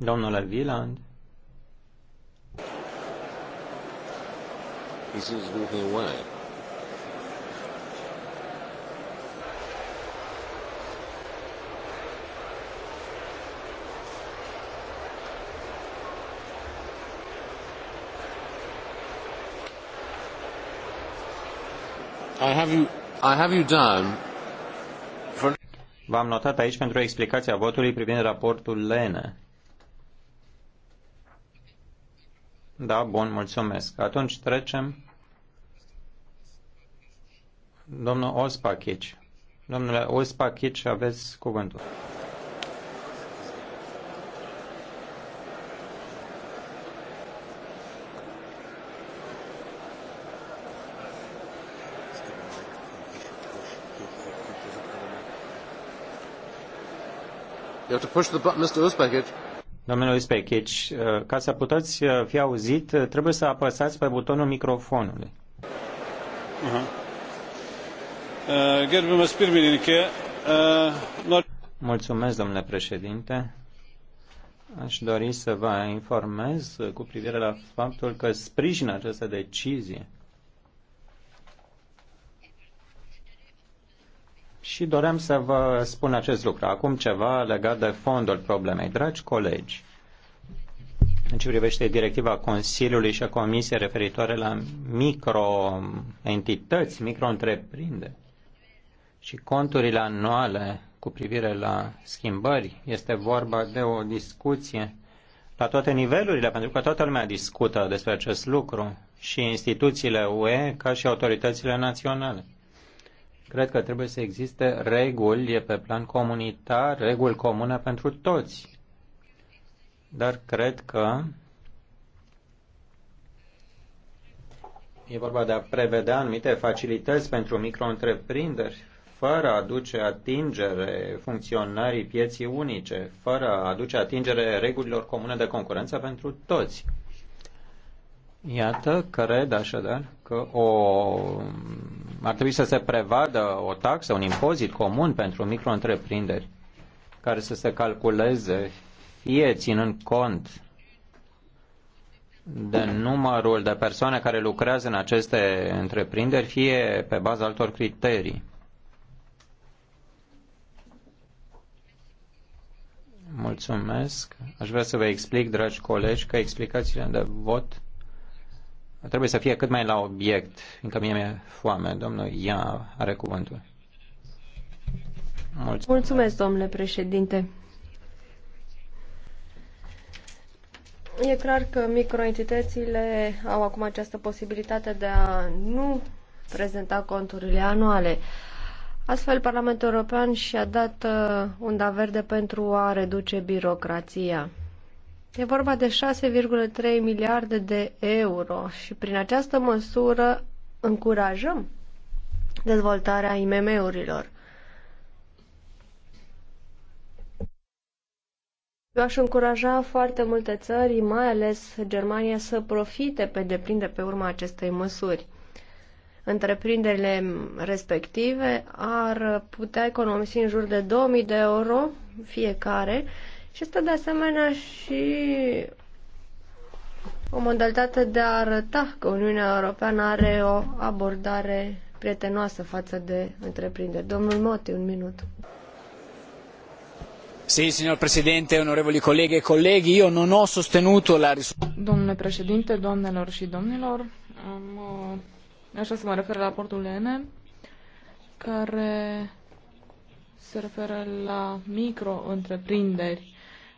Domnule Wieland. He seems walking away. I have you, I have you down V-am notat aici pentru explicația votului privind raportul Lene. Da, bun, mulțumesc. Atunci trecem. Domnul Ospachic. Domnule Ospachic, aveți cuvântul. You have to push the button, Mr. Uspakic. Domnule Spechici, deci, uh, ca să puteți uh, fi auzit, uh, trebuie să apăsați pe butonul microfonului. Mulțumesc, domnule președinte. Aș dori să vă informez cu privire la faptul că sprijin această decizie. Și doream să vă spun acest lucru. Acum ceva legat de fondul problemei. Dragi colegi, în ce privește directiva Consiliului și a Comisiei referitoare la microentități, micro-întreprinderi și conturile anuale cu privire la schimbări. Este vorba de o discuție la toate nivelurile, pentru că toată lumea discută despre acest lucru și instituțiile UE ca și autoritățile naționale. Cred că trebuie să existe reguli pe plan comunitar, reguli comune pentru toți dar cred că e vorba de a prevedea anumite facilități pentru micro-întreprinderi fără a aduce atingere funcționării pieții unice, fără a aduce atingere regulilor comune de concurență pentru toți. Iată, cred așadar că o, ar trebui să se prevadă o taxă, un impozit comun pentru micro-întreprinderi care să se calculeze fie ținând cont de numărul de persoane care lucrează în aceste întreprinderi, fie pe baza altor criterii. Mulțumesc. Aș vrea să vă explic, dragi colegi, că explicațiile de vot trebuie să fie cât mai la obiect, fiindcă mie mi-e foame. Domnul Ia are cuvântul. Mulțumesc, Mulțumesc domnule președinte. E clar că microentitățile au acum această posibilitate de a nu prezenta conturile anuale. Astfel, Parlamentul European și-a dat uh, unda verde pentru a reduce birocrația. E vorba de 6,3 miliarde de euro și prin această măsură încurajăm dezvoltarea IMM-urilor. Eu aș încuraja foarte multe țări, mai ales Germania, să profite pe deplin de pe urma acestei măsuri. Întreprinderile respective ar putea economisi în jur de 2000 de euro fiecare și este de asemenea și o modalitate de a arăta că Uniunea Europeană are o abordare prietenoasă față de întreprinderi. Domnul Mote, un minut. Si, signor Presidente, onorevoli colleghe e colleghi, io non ho sostenuto la risoluzione. Domnule președinte, domnilor și domnilor, am, uh, așa se mă refer la raportul ENE, care se referă la micro-întreprinderi.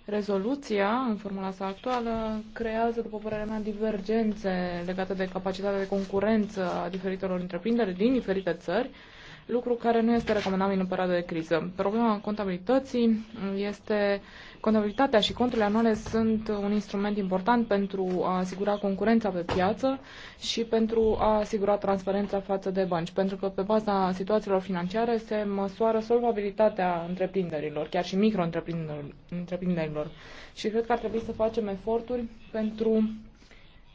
Rezoluția, în formula sa actuală, creează, după părerea mea, divergențe legate de capacitatea de concurență a diferitelor întreprinderi din diferite țări, lucru care nu este recomandabil în perioada de criză. Problema contabilității este contabilitatea și conturile anuale sunt un instrument important pentru a asigura concurența pe piață și pentru a asigura transparența față de bănci, pentru că pe baza situațiilor financiare se măsoară solvabilitatea întreprinderilor, chiar și micro-întreprinderilor. Și cred că ar trebui să facem eforturi pentru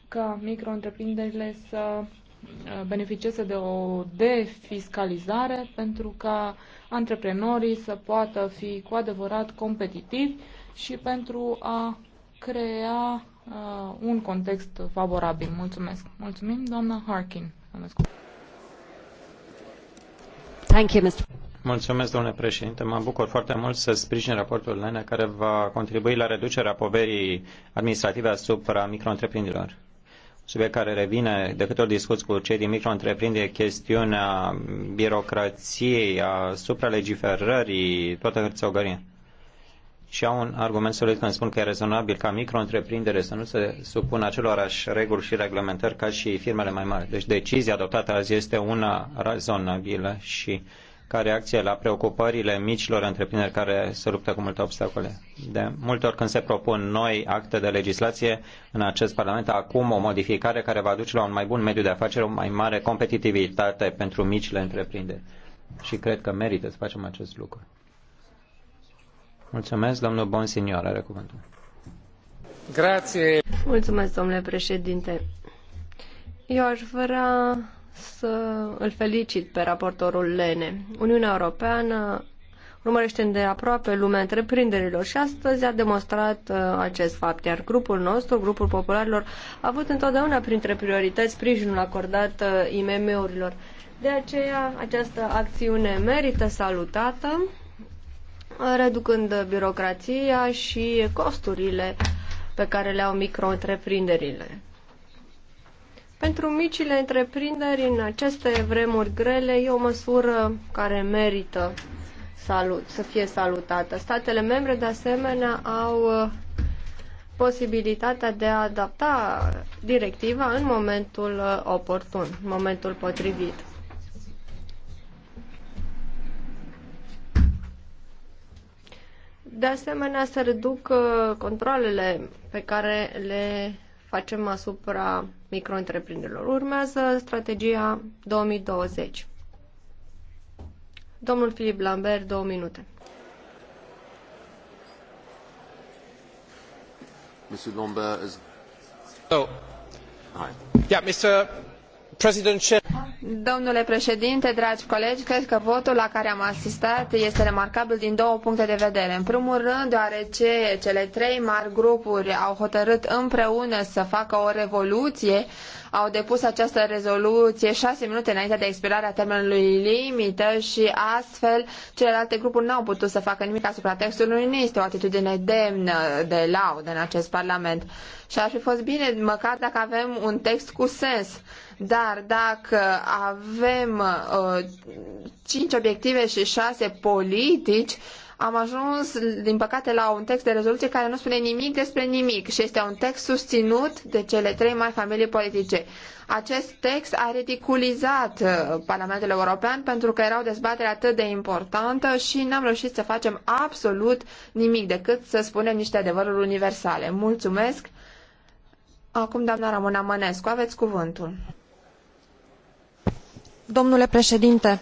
ca micro-întreprinderile să beneficieze de o defiscalizare pentru ca antreprenorii să poată fi cu adevărat competitivi și pentru a crea uh, un context favorabil. Mulțumesc. Mulțumim, doamna Harkin. Thank you, Mr. Mulțumesc, domnule președinte. Mă bucur foarte mult să sprijin raportul Lena care va contribui la reducerea poverii administrative asupra micro-întreprinderilor subiect care revine de câte ori discuți cu cei din micro întreprindere chestiunea birocrației, a supralegiferării, toată hârțogăria. Și au un argument solid când spun că e rezonabil ca micro să nu se supună acelorași reguli și reglementări ca și firmele mai mari. Deci decizia adoptată azi este una rezonabilă și uh, ca reacție la preocupările micilor întreprinderi care se luptă cu multe obstacole. De multe ori când se propun noi acte de legislație în acest Parlament, acum o modificare care va duce la un mai bun mediu de afaceri, o mai mare competitivitate pentru micile întreprinderi. Și cred că merită să facem acest lucru. Mulțumesc, domnul Bonsignor, are cuvântul. Grație. Mulțumesc, domnule președinte. Eu aș vrea să îl felicit pe raportorul Lene. Uniunea Europeană urmărește de aproape lumea întreprinderilor și astăzi a demonstrat uh, acest fapt, iar grupul nostru, grupul popularilor, a avut întotdeauna printre priorități sprijinul acordat uh, IMM-urilor. De aceea, această acțiune merită salutată, reducând birocrația și costurile pe care le au micro-întreprinderile. Pentru micile întreprinderi, în aceste vremuri grele, e o măsură care merită salut, să fie salutată. Statele membre, de asemenea, au uh, posibilitatea de a adapta directiva în momentul uh, oportun, în momentul potrivit. De asemenea, se reduc uh, controlele pe care le facem asupra micro-întreprinderilor. Urmează strategia 2020. Domnul Filip Lambert, două minute. Mr. Lambert is... Oh. Hi. Yeah, Mr. Domnule președinte, dragi colegi, cred că votul la care am asistat este remarcabil din două puncte de vedere. În primul rând, deoarece cele trei mari grupuri au hotărât împreună să facă o revoluție au depus această rezoluție șase minute înainte de expirarea termenului limită și astfel celelalte grupuri nu au putut să facă nimic asupra textului. Nu este o atitudine demnă de laudă în acest Parlament. Și ar fi fost bine măcar dacă avem un text cu sens. Dar dacă avem uh, cinci obiective și șase politici, am ajuns, din păcate, la un text de rezoluție care nu spune nimic despre nimic și este un text susținut de cele trei mari familii politice. Acest text a ridiculizat uh, Parlamentul European pentru că era o dezbatere atât de importantă și n-am reușit să facem absolut nimic decât să spunem niște adevăruri universale. Mulțumesc! Acum, doamna Ramona Mănescu, aveți cuvântul. Domnule președinte,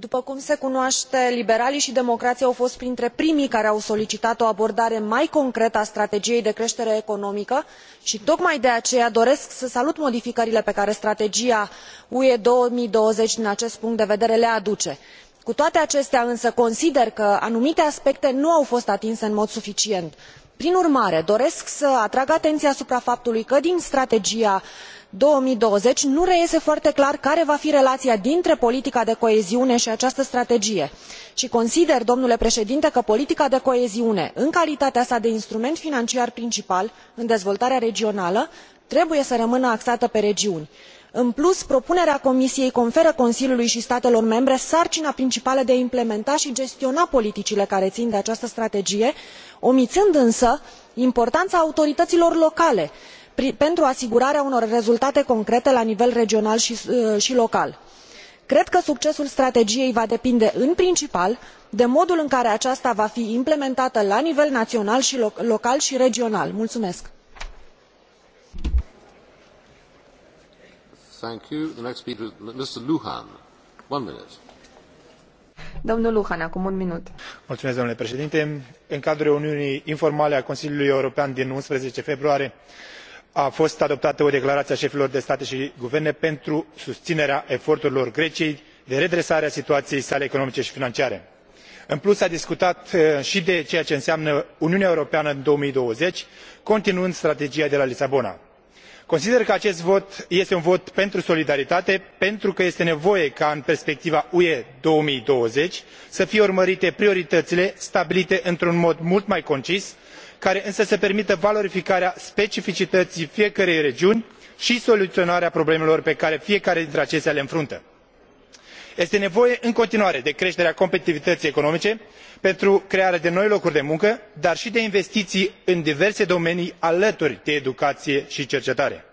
după cum se cunoaște liberalii și democrații au fost printre primii care au solicitat o abordare mai concretă a strategiei de creștere economică și tocmai de aceea doresc să salut modificările pe care strategia ue două mii douăzeci din acest punct de vedere le aduce. cu toate acestea însă consider că anumite aspecte nu au fost atinse în mod suficient. prin urmare doresc să atrag atenția asupra faptului că din strategia ue două mii douăzeci nu reiese foarte clar care va fi relația dintre politica de coeziune și această strategie și consider domnule președinte că politica de coeziune în calitatea sa de instrument financiar principal în dezvoltarea regională trebuie să rămână axată pe regiuni. în plus propunerea comisiei conferă consiliului și statelor membre sarcina principală de a implementa și gestiona politicile care țin de această strategie omițând însă importanța autorităților locale care pentru asigurarea unor rezultate concrete la nivel regional i uh, local. cred că succesul strategiei va depinde în principal de modul în care aceasta va fi implementată la nivel naional local i regional. mulumesc. în cadrul reuniunii informale a consiliului european din unsprezece februarie a fost adoptată o declaraie a efilor de state i guverne pentru susinerea eforturilor greciei de redresare a situaiei sale economice i financiare. în plus s a discutat uh, i de ceea ce înseamnă uniunea europeană în două mii douăzeci continuând strategia de la lisabona. consider că acest vot este un vot pentru solidaritate pentru că este nevoie ca în perspectiva ue două mii douăzeci să fie urmărite priorităile stabilite într un mod mult mai concis care însă să permită valorificarea specificității fiecărei regiuni și soluționarea problemelor pe care fiecare dintre acestea le înfruntă. este nevoie în continuare de creșterea competitivității economice pentru crearea de noi locuri de muncă dar și de investiții în diverse domenii alături de educație și cercetare.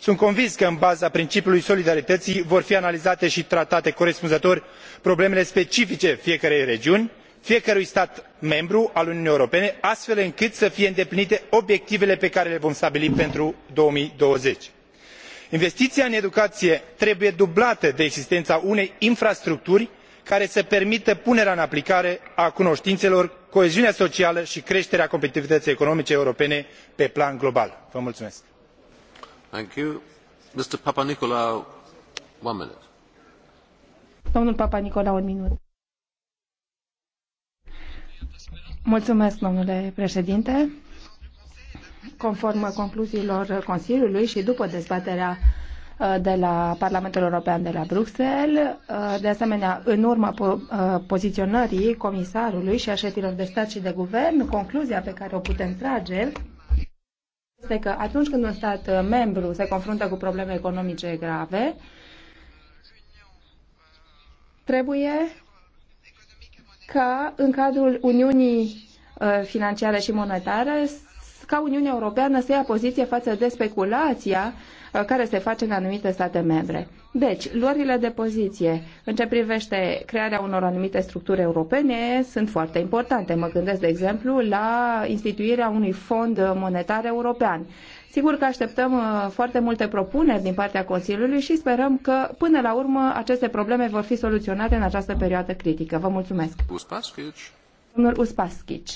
sunt convins că în baza principiului solidarității vor fi analizate și tratate corespunzător problemele specifice fiecărei regiuni fiecărui stat membru al uniunii europene astfel încât să fie îndeplinite obiectivele pe care le vom stabili pentru. două mii douăzeci investiia în educaie trebuie dublată de existena unei infrastructuri care să permită punerea în aplicare a cunotinelor coeziunea socială i creterea competitivităii economice europene pe plan global. Vă mulțumesc. Domnul Papa un minut. Mulțumesc, domnule președinte. Conform concluziilor Consiliului și după dezbaterea uh, de la Parlamentul European de la Bruxelles, uh, de asemenea, în urma uh, poziționării comisarului și a șefilor de stat și de guvern, concluzia pe care o putem trage este că atunci când un stat membru se confruntă cu probleme economice grave, trebuie ca în cadrul Uniunii uh, financiare și monetare ca Uniunea Europeană să ia poziție față de speculația uh, care se face în anumite state membre. Deci, luările de poziție în ce privește crearea unor anumite structuri europene sunt foarte importante. Mă gândesc, de exemplu, la instituirea unui fond monetar european Sigur că așteptăm uh, foarte multe propuneri din partea Consiliului și sperăm că, până la urmă, aceste probleme vor fi soluționate în această perioadă critică. Vă mulțumesc. Uspaschici. Domnul Uspaschic.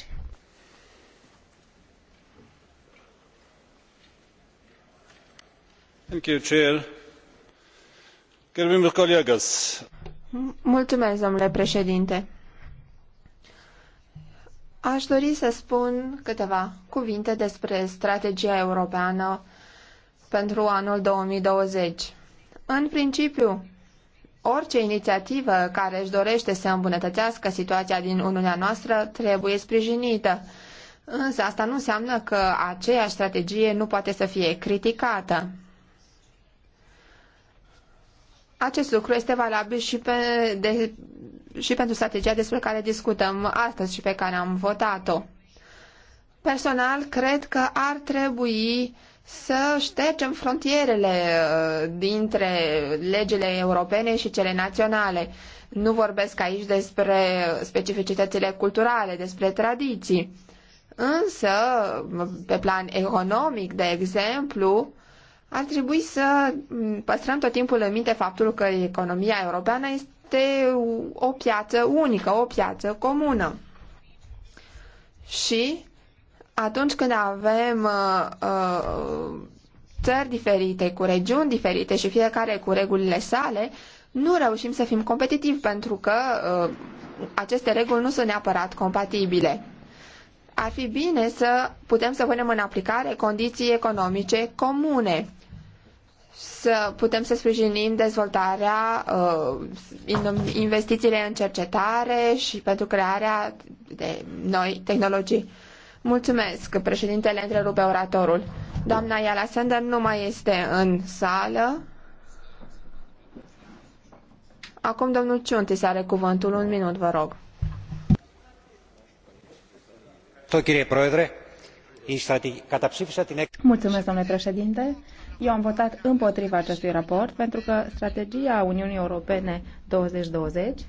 Mulțumesc, domnule președinte. Aș dori să spun câteva cuvinte despre strategia europeană pentru anul 2020. În principiu, orice inițiativă care își dorește să îmbunătățească situația din Uniunea noastră trebuie sprijinită. Însă asta nu înseamnă că aceeași strategie nu poate să fie criticată. Acest lucru este valabil și pe, de, și pentru strategia despre care discutăm astăzi și pe care am votat-o. Personal, cred că ar trebui să ștergem frontierele uh, dintre legile europene și cele naționale. Nu vorbesc aici despre specificitățile culturale, despre tradiții. Însă, pe plan economic, de exemplu, ar trebui să păstrăm tot timpul în minte faptul că economia europeană este de o piață unică, o piață comună. Și atunci când avem uh, uh, țări diferite, cu regiuni diferite și fiecare cu regulile sale, nu reușim să fim competitivi pentru că uh, aceste reguli nu sunt neapărat compatibile. Ar fi bine să putem să punem în aplicare condiții economice comune să putem să sprijinim dezvoltarea, uh, investițiile în cercetare și pentru crearea de noi tehnologii. Mulțumesc, președintele întrerupe oratorul. Doamna Iala Sender nu mai este în sală. Acum domnul se are cuvântul. Un minut, vă rog. Mulțumesc, domnule președinte. Eu am votat împotriva acestui raport pentru că strategia Uniunii Europene 2020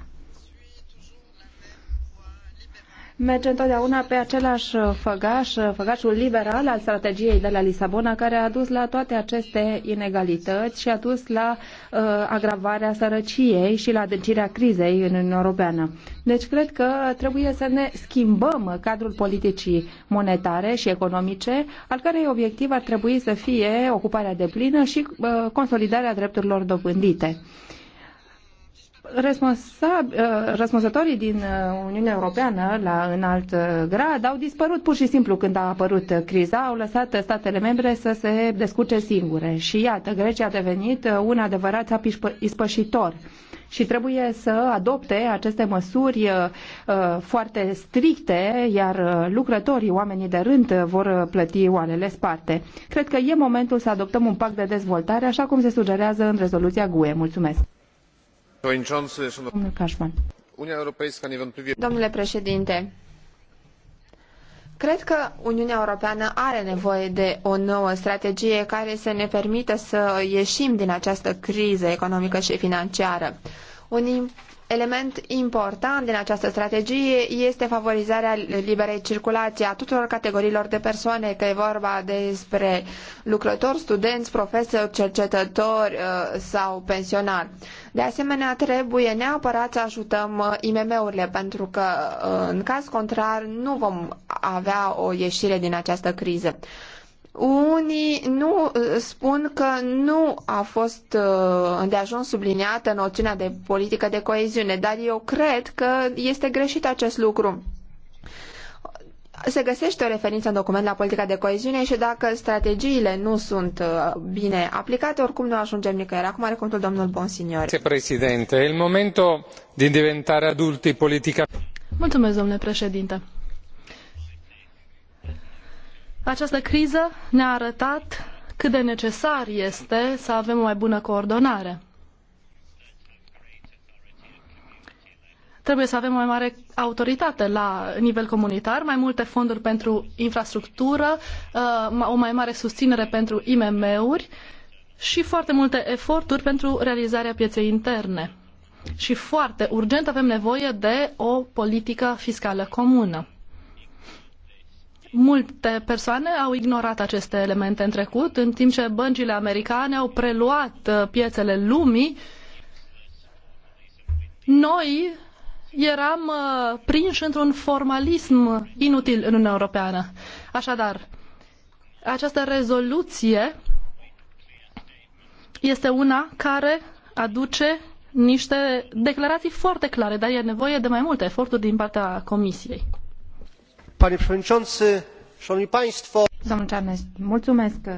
merge întotdeauna pe același uh, făgaș, uh, făgașul liberal al strategiei de la Lisabona, care a dus la toate aceste inegalități și a dus la uh, agravarea sărăciei și la adâncirea crizei în Uniunea Europeană. Deci cred că trebuie să ne schimbăm cadrul politicii monetare și economice, al cărei obiectiv ar trebui să fie ocuparea de plină și uh, consolidarea drepturilor dobândite. Uh, răspunsătorii uh, din uh, Uniunea Europeană la înalt uh, grad au dispărut pur și simplu când a apărut criza, au lăsat statele membre să se descurce singure. Și iată, Grecia a devenit un adevărat țap ispășitor și trebuie să adopte aceste măsuri foarte stricte, iar lucrătorii, oamenii de rând, vor plăti oalele sparte. Cred că e momentul să adoptăm un pact de dezvoltare, așa cum se sugerează în rezoluția GUE. Mulțumesc! Domnule președinte, cred că Uniunea Europeană are nevoie de o nouă strategie care să ne permită să ieșim din această criză economică și financiară. Un element important din această strategie este favorizarea liberei circulații a tuturor categoriilor de persoane, că e vorba despre lucrători, studenți, profesori, cercetători uh, sau pensionari. De asemenea, trebuie neapărat să ajutăm uh, IMM-urile, pentru că uh, în caz contrar nu vom avea o ieșire din această criză. Unii nu uh, spun că nu a fost uh, îndeajuns subliniată noțiunea de politică de coeziune, dar eu cred că este greșit acest lucru. Se găsește o referință în document la politica de coeziune și dacă strategiile nu sunt uh, bine aplicate, oricum nu ajungem nicăieri. Acum are contul domnul Bonsignor. Președinte, e momentul de diventare adulti politica. Mulțumesc, domnule președinte. Această criză ne-a arătat cât de necesar este să avem o mai bună coordonare. Trebuie să avem o mai mare autoritate la nivel comunitar, mai multe fonduri pentru infrastructură, uh, o mai mare susținere pentru IMM-uri și foarte multe eforturi pentru realizarea pieței interne. Și foarte urgent avem nevoie de o politică fiscală comună. Multe persoane au ignorat aceste elemente în trecut, în timp ce băncile americane au preluat uh, piețele lumii. Noi eram uh, prinși într-un formalism inutil în Uniunea Europeană. Așadar, această rezoluție este una care aduce niște declarații foarte clare, dar e nevoie de mai multe eforturi din partea Comisiei panie przewodniczący! szanowni państwo!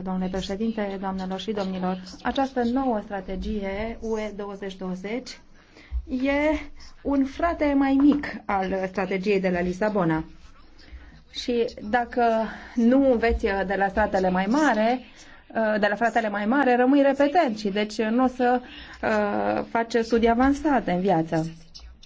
domnule președinte doamnelor și domnilor această nouă strategie ue două mii douăzeci e un frate mai mic al strategiei de la lisabona și dacă nu înveți de la fratele mai mare de la fratele mai mare, rămâi repetent și deci nu o să uh, faci studii avansate în viață.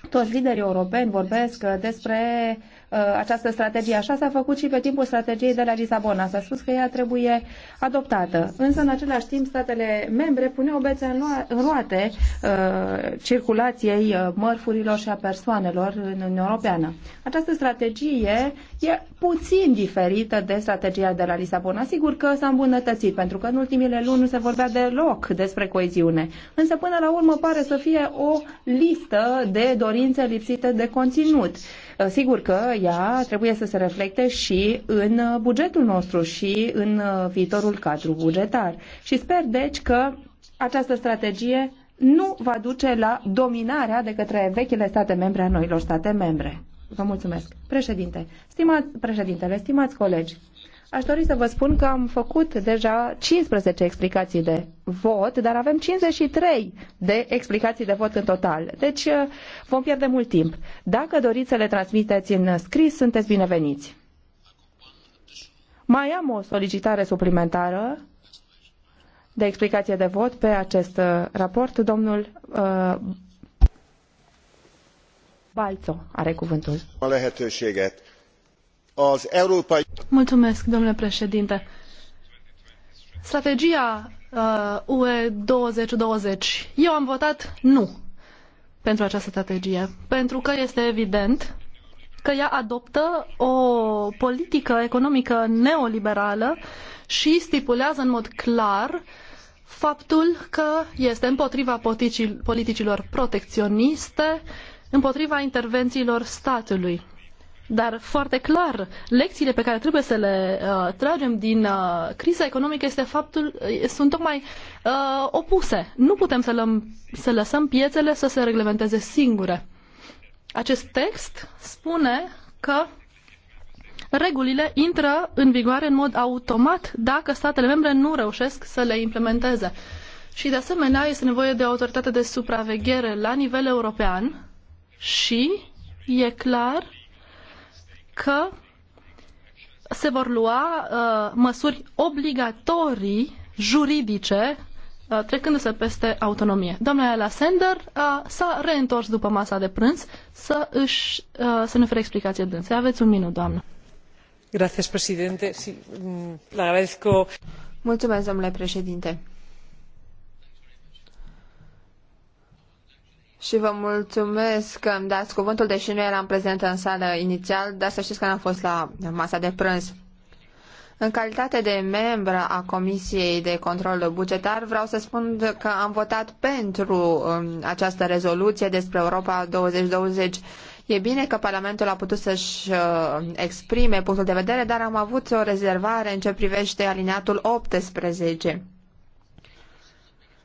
Toți liderii europeni vorbesc despre uh, Uh, această strategie. Așa s-a făcut și pe timpul strategiei de la Lisabona. S-a spus că ea trebuie adoptată. Însă, în același timp, statele membre puneau bețe în, în roate uh, circulației uh, mărfurilor și a persoanelor în Uniunea Europeană. Această strategie e puțin diferită de strategia de la Lisabona. Sigur că s-a îmbunătățit, pentru că în ultimile luni nu se vorbea deloc despre coeziune. Însă, până la urmă, pare să fie o listă de dorințe lipsite de conținut. Uh, Ă, sigur că ea trebuie să se reflecte și în bugetul nostru și în ă, viitorul cadru bugetar. Și sper deci că această strategie nu va duce la dominarea de către vechile state membre a noilor state membre. Vă mulțumesc. Președinte, stimați, președintele, stimați colegi, Aș dori să vă spun că am făcut deja 15 explicații de vot, dar avem 53 de explicații de vot în total. Deci uh, vom pierde mult timp. Dacă doriți să le transmiteți în scris, sunteți bineveniți. Mai am o solicitare suplimentară de explicație de vot pe acest uh, raport. Domnul uh, Balțo are cuvântul az domnule președinte. Strategia uh, UE 2020. Eu am votat nu pentru această strategie, pentru că este evident că ea adoptă o politică economică neoliberală și stipulează în mod clar faptul că este împotriva politicilor protecționiste, împotriva intervențiilor statului. Dar foarte clar, lecțiile pe care trebuie să le uh, tragem din uh, criza economică este faptul, uh, sunt tocmai uh, opuse. Nu putem să, lăm, să lăsăm piețele să se reglementeze singure. Acest text spune că regulile intră în vigoare în mod automat dacă statele membre nu reușesc să le implementeze. Și de asemenea este nevoie de o autoritate de supraveghere la nivel european și e clar că se vor lua uh, măsuri obligatorii juridice uh, trecându-se peste autonomie. Doamna Ella Sender uh, s-a reîntors după masa de prânz să, își, uh, să ne ofere explicație dânsă. Aveți un minut, doamnă. Gracias, presidente. Sí, mm, le agradezco. Mulțumesc, domnule președinte. și vă mulțumesc că îmi dați cuvântul, deși nu eram prezentă în sală inițial, dar să știți că n-am fost la masa de prânz. În calitate de membră a Comisiei de Control Bugetar, vreau să spun că am votat pentru um, această rezoluție despre Europa 2020. E bine că Parlamentul a putut să-și uh, exprime punctul de vedere, dar am avut o rezervare în ce privește alineatul 18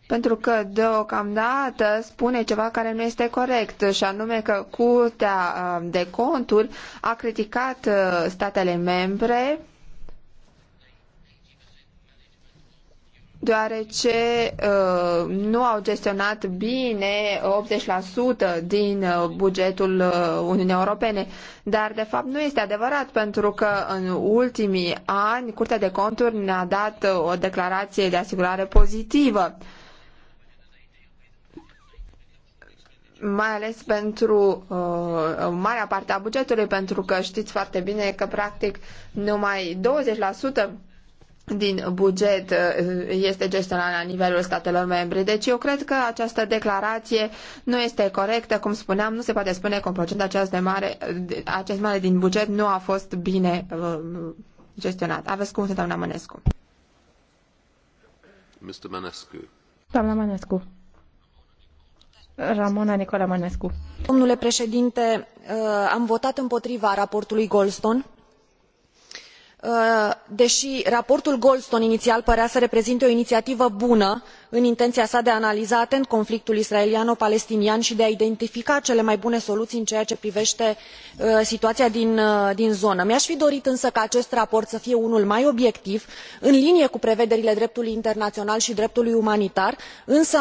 pentru că deocamdată spune ceva care nu este corect, și anume că Curtea uh, de Conturi a criticat uh, statele membre deoarece uh, nu au gestionat bine 80% din uh, bugetul Uniunii Europene. Dar, de fapt, nu este adevărat, pentru că în ultimii ani Curtea de Conturi ne-a dat o declarație de asigurare pozitivă. Uh, mai ales pentru uh, marea parte a bugetului, pentru că știți foarte bine că practic numai 20% din buget uh, este gestionat la nivelul statelor membre. Deci eu cred că această declarație nu este corectă, cum spuneam, nu se poate spune că un procent acest de mare, acest mare din buget nu a fost bine uh, gestionat. Aveți cuvântul, doamna Mănescu. Mr. Manescu. Doamna Mănescu. Ramona Nicola Mănescu. Domnule președinte, uh, am votat împotriva raportului Goldstone Uh, dei raportul goldstone iniial părea să reprezinte o iniiativă bună în intenia sa de a analiza atent conflictul israeliano palestinian i de a identifica cele mai bune soluii în ceea ce privete uh, situaia uh, din zonă mi a fi dorit însă ca acest raport să fie unul mai obiectiv în linie cu prevederile dreptului internaional i dreptului umanitar însă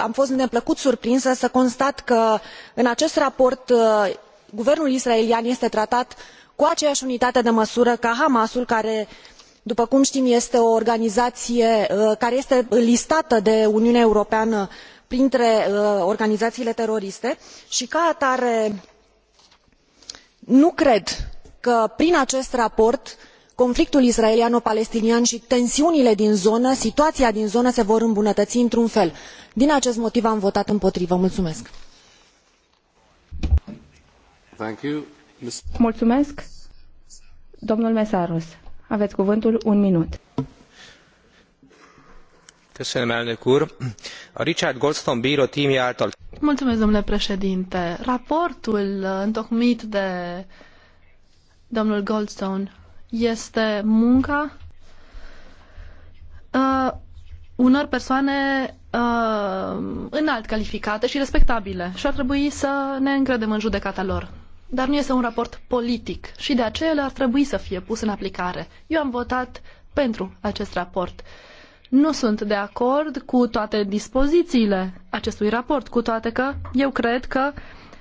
am fost neplăcut surprinsă să constat că în acest raport guvernul israelian este tratat cu aceeai unitate de măsură ca hamasul care după cum tim este o organizaie uh, care este listată de uniunea europeană printre uh, organizaiile teroriste i ca atare nu cred că prin acest raport conflictul israeliano palestinian i tensiunile din zonă situaia din zonă se vor îmbunătăi într un fel. din acest motiv am votat împotrivă. Mulțumesc. Domnul Mesaros. aveți cuvântul un minut. A Richard Goldstone bíró tímje által... Mulțumesc, domnule președinte. Raportul întocmit de domnul Goldstone este munca uh, unor persoane uh, înalt calificate și respectabile și ar trebui să ne încredem în judecata lor dar nu este un raport politic și de aceea el ar trebui să fie pus în aplicare. Eu am votat pentru acest raport. Nu sunt de acord cu toate dispozițiile acestui raport, cu toate că eu cred că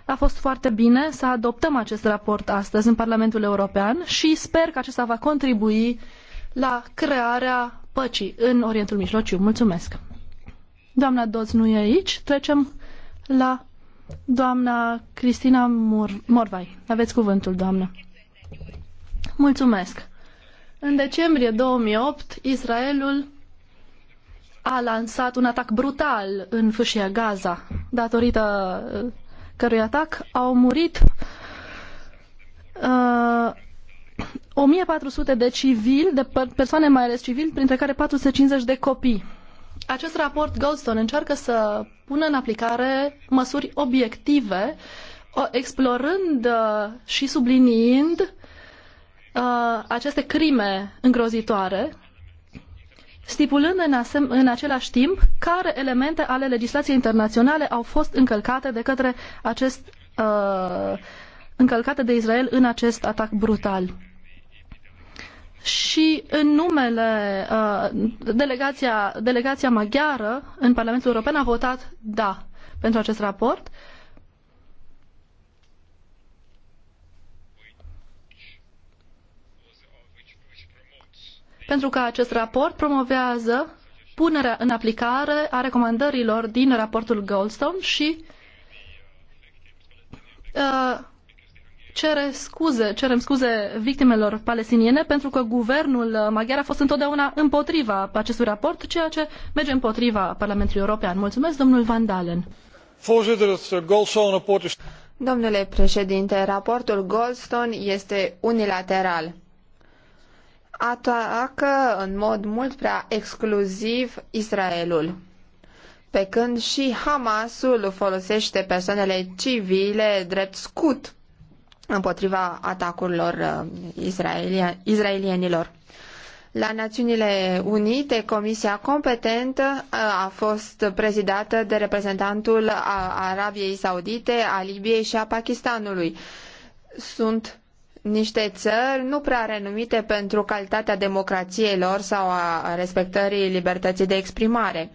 a fost foarte bine să adoptăm acest raport astăzi în Parlamentul European și sper că acesta va contribui la crearea păcii în Orientul Mijlociu. Mulțumesc! Doamna Doz nu e aici, trecem la Doamna Cristina Mor- Morvai, aveți cuvântul, doamnă. Mulțumesc. În decembrie 2008, Israelul a lansat un atac brutal în fâșia Gaza, datorită uh, cărui atac au murit uh, 1400 de civili, de persoane mai ales civili, printre care 450 de copii acest raport Goldstone încearcă să pună în aplicare măsuri obiective, explorând uh, și subliniind uh, aceste crime îngrozitoare, stipulând în, asem- în același timp care elemente ale legislației internaționale au fost încălcate de către acest uh, încălcate de Israel în acest atac brutal în numele uh, delegația, delegația maghiară în Parlamentul European a votat da pentru acest raport. Pentru că acest raport promovează punerea în aplicare a recomandărilor din raportul Goldstone și uh, cere scuze, cerem scuze victimelor palestiniene pentru că guvernul maghiar a fost întotdeauna împotriva acestui raport, ceea ce merge împotriva Parlamentului European. Mulțumesc, domnul Van Dalen. Eh, Domnule președinte, raportul Goldstone este unilateral. Atacă în mod mult prea exclusiv Israelul pe când și Hamasul folosește persoanele civile drept scut împotriva atacurilor uh, israelienilor. La Națiunile Unite, comisia competentă uh, a fost prezidată de reprezentantul Arabiei Saudite, a Libiei și a Pakistanului. Sunt niște țări nu prea renumite pentru calitatea democrației lor sau a respectării libertății de exprimare.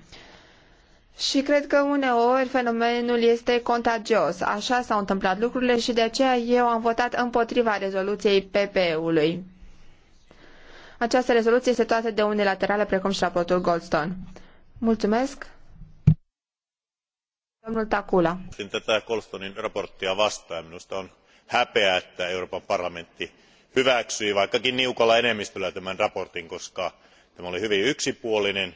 Și cred că uneori fenomenul este contagios. Așa s-au întâmplat lucrurile și de aceea eu am votat împotriva rezoluției PP-ului. Această rezoluție este toată de unilaterală, precum și raportul Goldstone. Mulțumesc. Domnul Takula. Sin tätä Goldstonein raporttia vastaan. Minusta on häpeä, että Euroopan parlamentti hyväksyi vaikkakin niukalla enemmistöllä tämän raportin, koska tämä oli hyvin yksipuolinen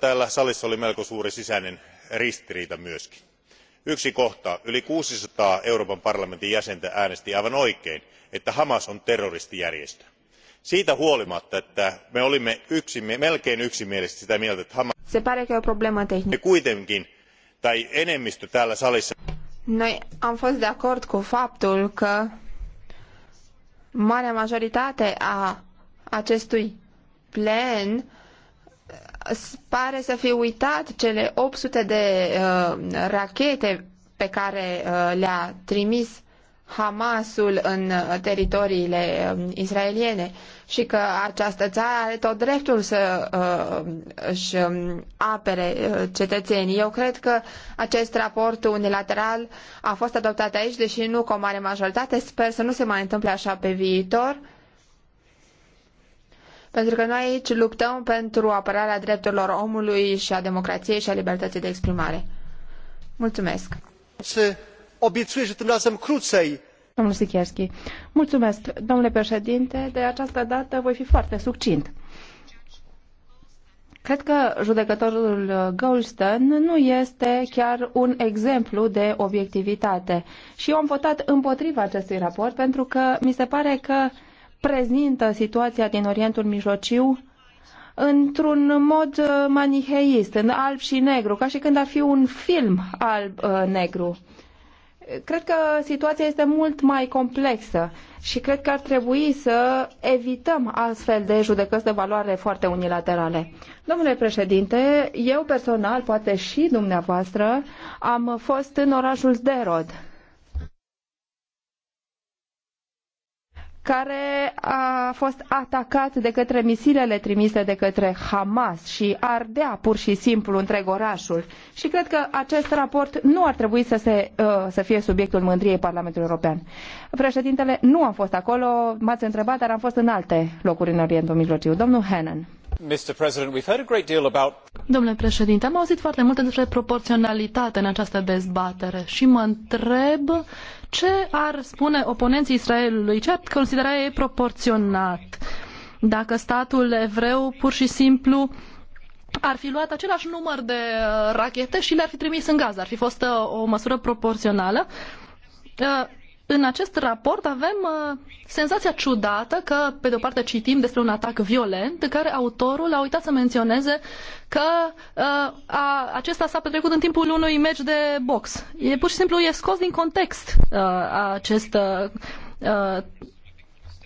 täällä salissa oli melko suuri sisäinen ristiriita myös. yksi kohta yli kuusisataa euroopan parlamentin jäsentä äänesti aivan oikein että hamas on terroristijärjestö. siitä huolimatta että me olimme melkein yksimielisesti sitä mieltä että hamas on terroristijärjestö me kuitenkin tai enemmistö täällä salissa noi am fost de acord cu faptul că marea majoritate a acestui plen pare să fi uitat cele 800 de uh, rachete pe care uh, le-a trimis Hamasul în uh, teritoriile uh, israeliene și că această țară are tot dreptul să uh, își um, apere uh, cetățenii. Eu cred că acest raport unilateral a fost adoptat aici, deși nu cu o mare majoritate. Sper să nu se mai întâmple așa pe viitor. Uh, pentru că noi aici luptăm pentru apărarea drepturilor omului și a democrației și a libertății de exprimare. Mulțumesc. Se że tym razem krócej. Domnul Sikierski, mulțumesc, domnule președinte, de această dată voi fi foarte succint. Cred că judecătorul Goldstone nu este chiar un exemplu de obiectivitate. Și eu am votat împotriva acestui raport pentru că mi se pare că prezintă situația din Orientul Mijlociu într-un mod uh, maniheist, în alb și negru, ca și când ar fi un film alb-negru. Uh, cred că situația este mult mai complexă și cred că ar trebui să evităm astfel de judecăți de valoare foarte unilaterale. Domnule președinte, eu personal, poate și dumneavoastră, am fost în orașul Derod. care a fost atacat de către misilele trimise de către Hamas și ardea pur și simplu întreg orașul. Și cred că acest raport nu ar trebui să, se, uh, să fie subiectul mândriei Parlamentului European. Președintele, nu am fost acolo, m-ați întrebat, dar am fost în alte locuri în Orientul Mijlociu. Domnul Hannan. Domnule președinte, am auzit foarte multe despre proporționalitate în această dezbatere și mă întreb ce ar spune oponenții Israelului, ce ar considera ei proporționat dacă statul evreu pur și simplu ar fi luat același număr de uh, rachete și le-ar fi trimis în Gaza, ar fi fost uh, o măsură proporțională uh, în acest raport avem uh, senzația ciudată că, pe de-o parte, citim despre un atac violent, de care autorul a uitat să menționeze că uh, a, acesta s-a petrecut în timpul unui meci de box. E pur și simplu e scos din context a, uh, acest, a,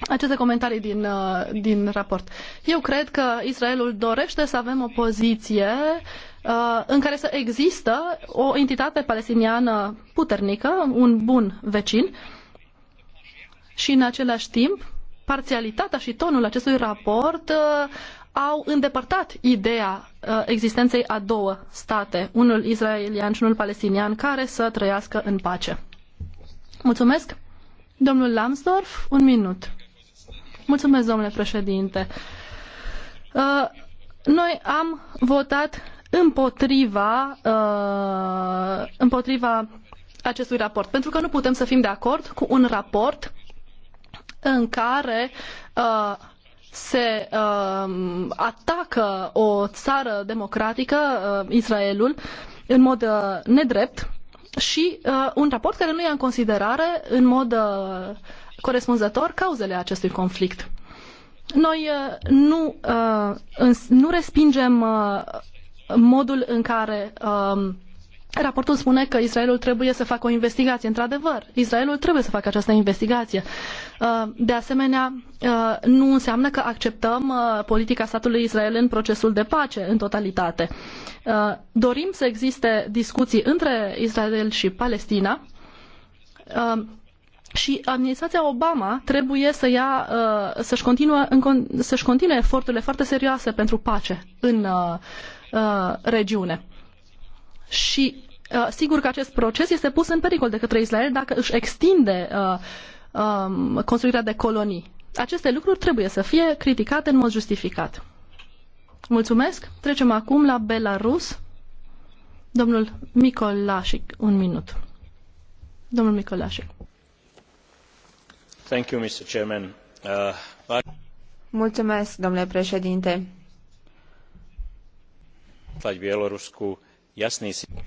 aceste comentarii din, din raport. Eu cred că Israelul dorește să avem o poziție uh, Uh, în care să există o entitate palestiniană puternică, un bun vecin și în același timp parțialitatea și tonul acestui raport uh, au îndepărtat ideea uh, existenței a două state, unul israelian și unul palestinian, care să trăiască în pace. Mulțumesc. Domnul Lambsdorff, un minut. Mulțumesc, domnule președinte. Noi am votat împotriva, uh, împotriva acestui raport. Pentru că nu putem să fim de acord cu un raport în care uh, se uh, atacă o țară democratică, uh, Israelul, în mod uh, nedrept și uh, un raport care nu ia în considerare în mod uh, corespunzător cauzele acestui conflict. Noi uh, nu, uh, nu respingem uh, modul în care um, Raportul spune că Israelul trebuie să facă o investigație. Într-adevăr, Israelul trebuie să facă această investigație. Uh, de asemenea, uh, nu înseamnă că acceptăm uh, politica statului Israel în procesul de pace în totalitate. Dorim să existe discuții între Israel și Palestina și administrația Obama trebuie să ia, să-și continue, să-și continue eforturile foarte serioase pentru pace în Uh, regiune. Și uh, sigur că acest proces este pus în pericol de către Israel dacă își extinde uh, um, construirea de colonii. Aceste lucruri trebuie să fie criticate în mod justificat. Mulțumesc. Trecem acum la Belarus. Domnul Micolașic, un minut. Domnul Micolașic. Thank you, Mr. Chairman. Uh, Mulțumesc, domnule președinte.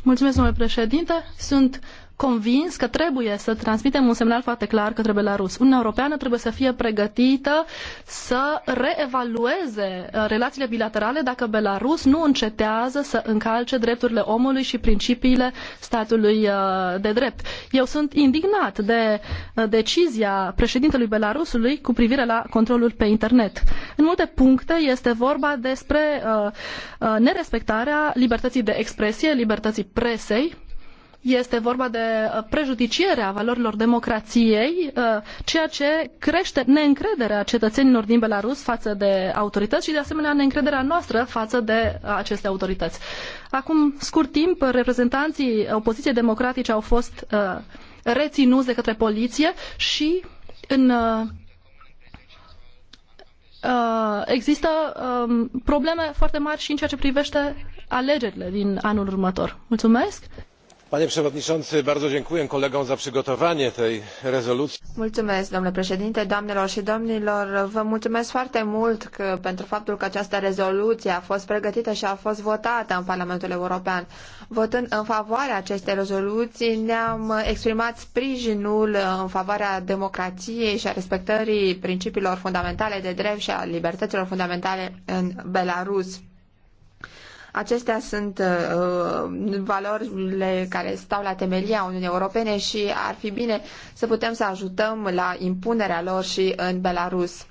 Mulțumesc, domnule președinte. Sunt convins că trebuie să transmitem un semnal foarte clar către Belarus. Uniunea Europeană trebuie să fie pregătită să reevalueze uh, relațiile bilaterale dacă Belarus nu încetează să încalce drepturile omului și principiile statului uh, de drept. Eu sunt indignat de uh, decizia președintelui Belarusului cu privire la controlul pe internet. În multe puncte este vorba despre nerespectarea libertății de expresie, libertății presei este vorba de uh, prejudicierea valorilor democrației, uh, ceea ce crește neîncrederea cetățenilor din Belarus față de autorități și, de asemenea, neîncrederea noastră față de uh, aceste autorități. Acum scurt timp, reprezentanții opoziției democratice au fost reținuți de către poliție și în Uh, există um, probleme foarte mari și în ceea ce privește alegerile din anul următor. Mulțumesc! Panie przewodniczący, bardzo dziękuję kolegom za przygotowanie tej rezolucji. domnule președinte, doamnelor și domnilor. Vă mulțumesc foarte mult că, pentru faptul că această rezoluție a fost pregătită și a fost votată în Parlamentul European. Votând în favoarea acestei rezoluții, ne-am exprimat sprijinul în favoarea democrației și a respectării principiilor fundamentale de drept și a libertăților fundamentale în Belarus. Acestea sunt uh, valorile care stau la temelia Uniunii Europene și ar fi bine să putem să ajutăm la impunerea lor și în Belarus.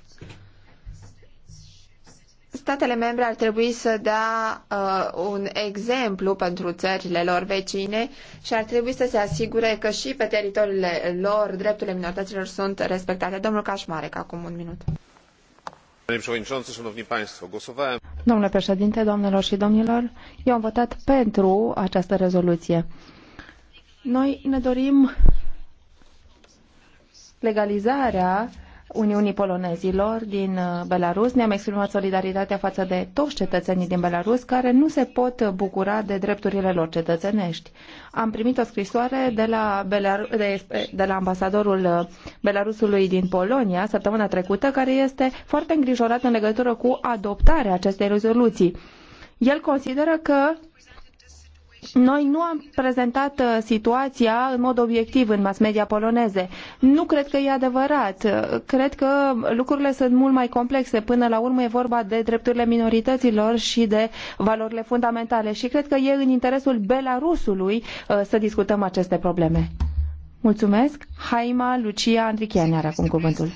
Statele membre ar trebui să dea uh, un exemplu pentru țările lor vecine și ar trebui să se asigure că și pe teritoriile lor drepturile minorităților sunt respectate. Domnul Cașmarec, acum un minut. Domnule președinte, doamnelor și domnilor, eu am votat pentru această rezoluție. Noi ne dorim legalizarea Uniunii Polonezilor din uh, Belarus. Ne-am exprimat solidaritatea față de toți cetățenii din Belarus care nu se pot bucura de drepturile lor cetățenești. Am primit o scrisoare de la, Belar- de, de la ambasadorul uh, Belarusului din Polonia săptămâna trecută care este foarte îngrijorat în legătură cu adoptarea acestei rezoluții. El consideră că noi nu am prezentat uh, situația în mod obiectiv în mass media poloneze. Nu cred că e adevărat. Uh, cred că lucrurile sunt mult mai complexe. Până la urmă e vorba de drepturile minorităților și de valorile fundamentale. Și cred că e în interesul Belarusului uh, să discutăm aceste probleme. Mulțumesc. Haima Lucia Andrichiane are acum cuvântul.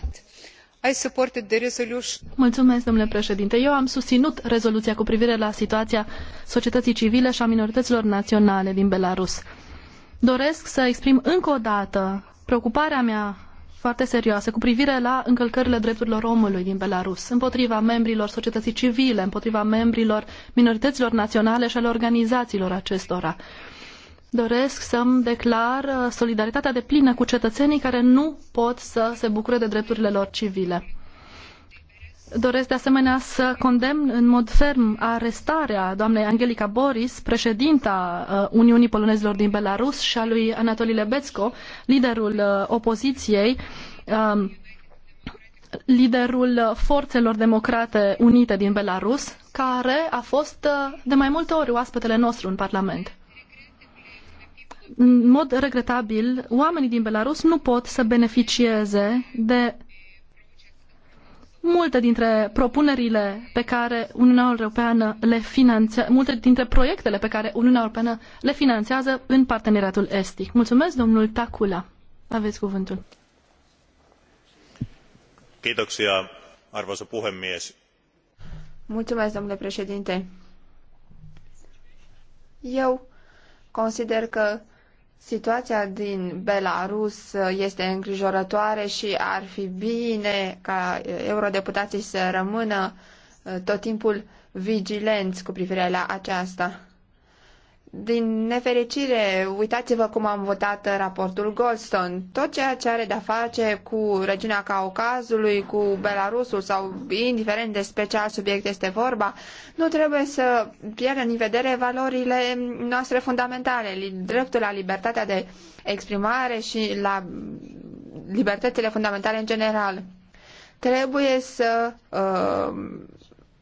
Mulțumesc, domnule președinte. Eu am susținut rezoluția cu privire la situația societății civile și a minorităților naționale din Belarus. Doresc să exprim încă o dată preocuparea mea foarte serioasă cu privire la încălcările drepturilor omului din Belarus, împotriva membrilor societății civile, împotriva membrilor minorităților naționale și ale organizațiilor acestora doresc să-mi declar uh, solidaritatea de plină cu cetățenii care nu pot să se bucure de drepturile lor civile. Doresc de asemenea să condemn în mod ferm arestarea doamnei Angelica Boris, președinta uh, Uniunii Polonezilor din Belarus și a lui Anatoli Lebesco, liderul uh, opoziției, um, liderul Forțelor Democrate Unite din Belarus, care a fost de mai multe ori oaspetele nostru în Parlament în mod regretabil, oamenii din Belarus nu pot să beneficieze de multe dintre propunerile pe care Uniunea Europeană le finanțează, multe dintre proiectele pe care Uniunea Europeană le finanțează în parteneriatul estic. Mulțumesc, domnul Tacula. Aveți cuvântul. Kiitoksia, arvoisa puhemies. Mulțumesc, domnule președinte. Eu consider că Situația din Belarus uh, este îngrijorătoare și ar fi bine ca uh, eurodeputații să rămână uh, tot timpul vigilenți cu privire la aceasta. Din nefericire, uitați-vă cum am votat raportul Goldstone. Tot ceea ce are de-a face cu regiunea Caucazului, cu Belarusul sau indiferent de special subiect este vorba, nu trebuie să pierdă în vedere valorile noastre fundamentale, dreptul la libertatea de exprimare și la libertățile fundamentale în general. Trebuie să uh,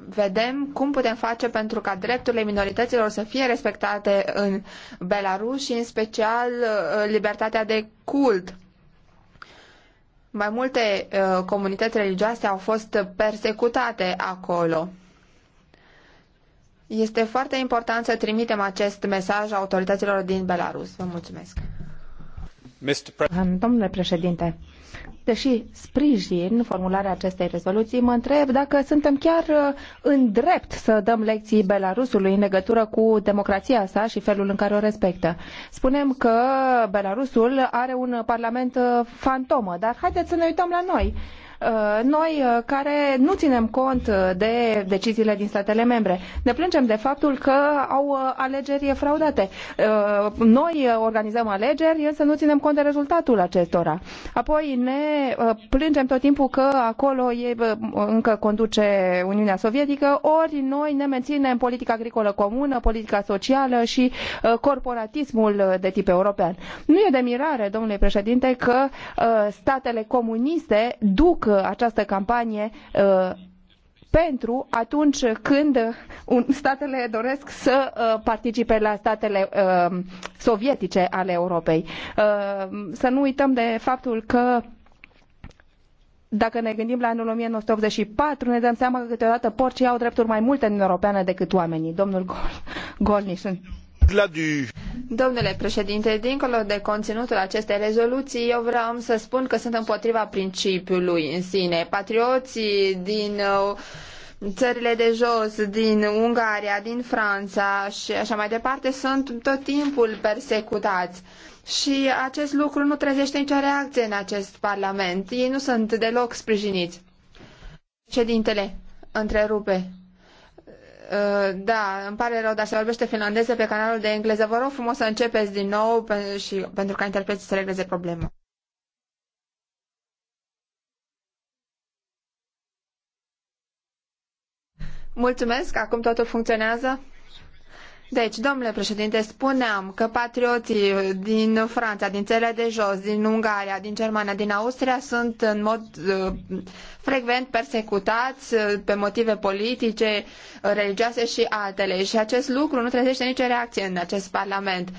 vedem cum putem face pentru ca drepturile minorităților să fie respectate în Belarus și în special uh, libertatea de cult. Mai multe uh, comunități religioase au fost persecutate acolo. Este foarte important să trimitem acest mesaj autorităților din Belarus. Vă mulțumesc. Domnule președinte, deși sprijin formularea acestei rezoluții, mă întreb dacă suntem chiar uh, în drept să dăm lecții Belarusului în legătură cu democrația sa și felul în care o respectă. Spunem că Belarusul are un parlament uh, fantomă, dar haideți să ne uităm la noi. Uh, noi uh, care nu ținem cont uh, de deciziile din statele membre. Ne plângem de faptul că au alegeri fraudate. Noi organizăm alegeri, însă nu ținem cont de rezultatul acestora. Apoi ne plângem tot timpul că acolo e, încă conduce Uniunea Sovietică, ori noi ne menținem politica agricolă comună, politica socială și corporatismul de tip european. Nu e de mirare, domnule președinte, că statele comuniste duc Uh, această campanie uh, pentru atunci când statele doresc să uh, participe la statele sovietice ale Europei. Să nu uităm de faptul că dacă ne gândim la anul 1984, ne dăm seama că câteodată porcii au drepturi mai multe în Europeană decât oamenii. Domnul Gol, Golniș. Domnule președinte, dincolo de conținutul acestei rezoluții, eu vreau să spun că sunt împotriva principiului în sine. Patrioții din uh, țările de jos, din Ungaria, din Franța și așa mai departe, sunt tot timpul persecutați. Și acest lucru nu trezește nicio reacție în acest Parlament. Ei nu sunt deloc sprijiniți. Președintele, întrerupe. Uh, da, îmi pare rău, dar se vorbește finlandeză pe canalul de engleză. Vă rog frumos să începeți din nou pe, și, pentru ca interpreții să regleze problema. Mulțumesc, acum totul funcționează. Deci, domnule președinte, spuneam că patrioții din Franța, din țările de jos, din Ungaria, din Germania, din Austria sunt în mod uh, frecvent persecutați uh, pe motive politice, religioase și altele. Și acest lucru nu trezește nicio reacție în acest Parlament.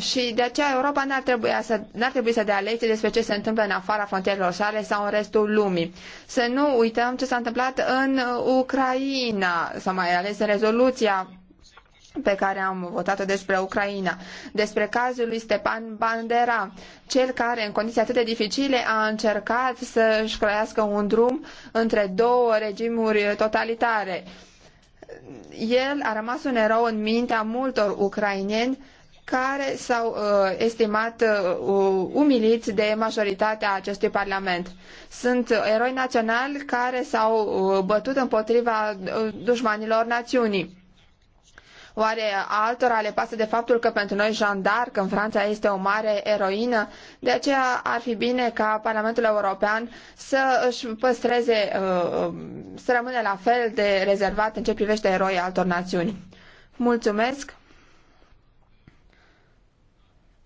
Și de aceea Europa n-ar trebui să, n-ar trebui să dea lecții despre ce se întâmplă în afara frontierelor sale sau în restul lumii. Să nu uităm ce s-a întâmplat în uh, Ucraina, sau mai ales în rezoluția pe care am votat-o despre Ucraina, despre cazul lui Stepan Bandera, cel care în condiții atât de dificile a încercat să-și croiască un drum între două regimuri totalitare. El a rămas un erou în mintea multor ucraineni care s-au uh, estimat uh, umiliți de majoritatea acestui parlament. Sunt eroi naționali care s-au uh, bătut împotriva uh, dușmanilor națiunii Oare altora le pasă de faptul că pentru noi jandar, în Franța este o mare eroină? De aceea ar fi bine ca Parlamentul European să își păstreze, uh, să rămâne la fel de rezervat în ce privește eroii altor națiuni. Mulțumesc!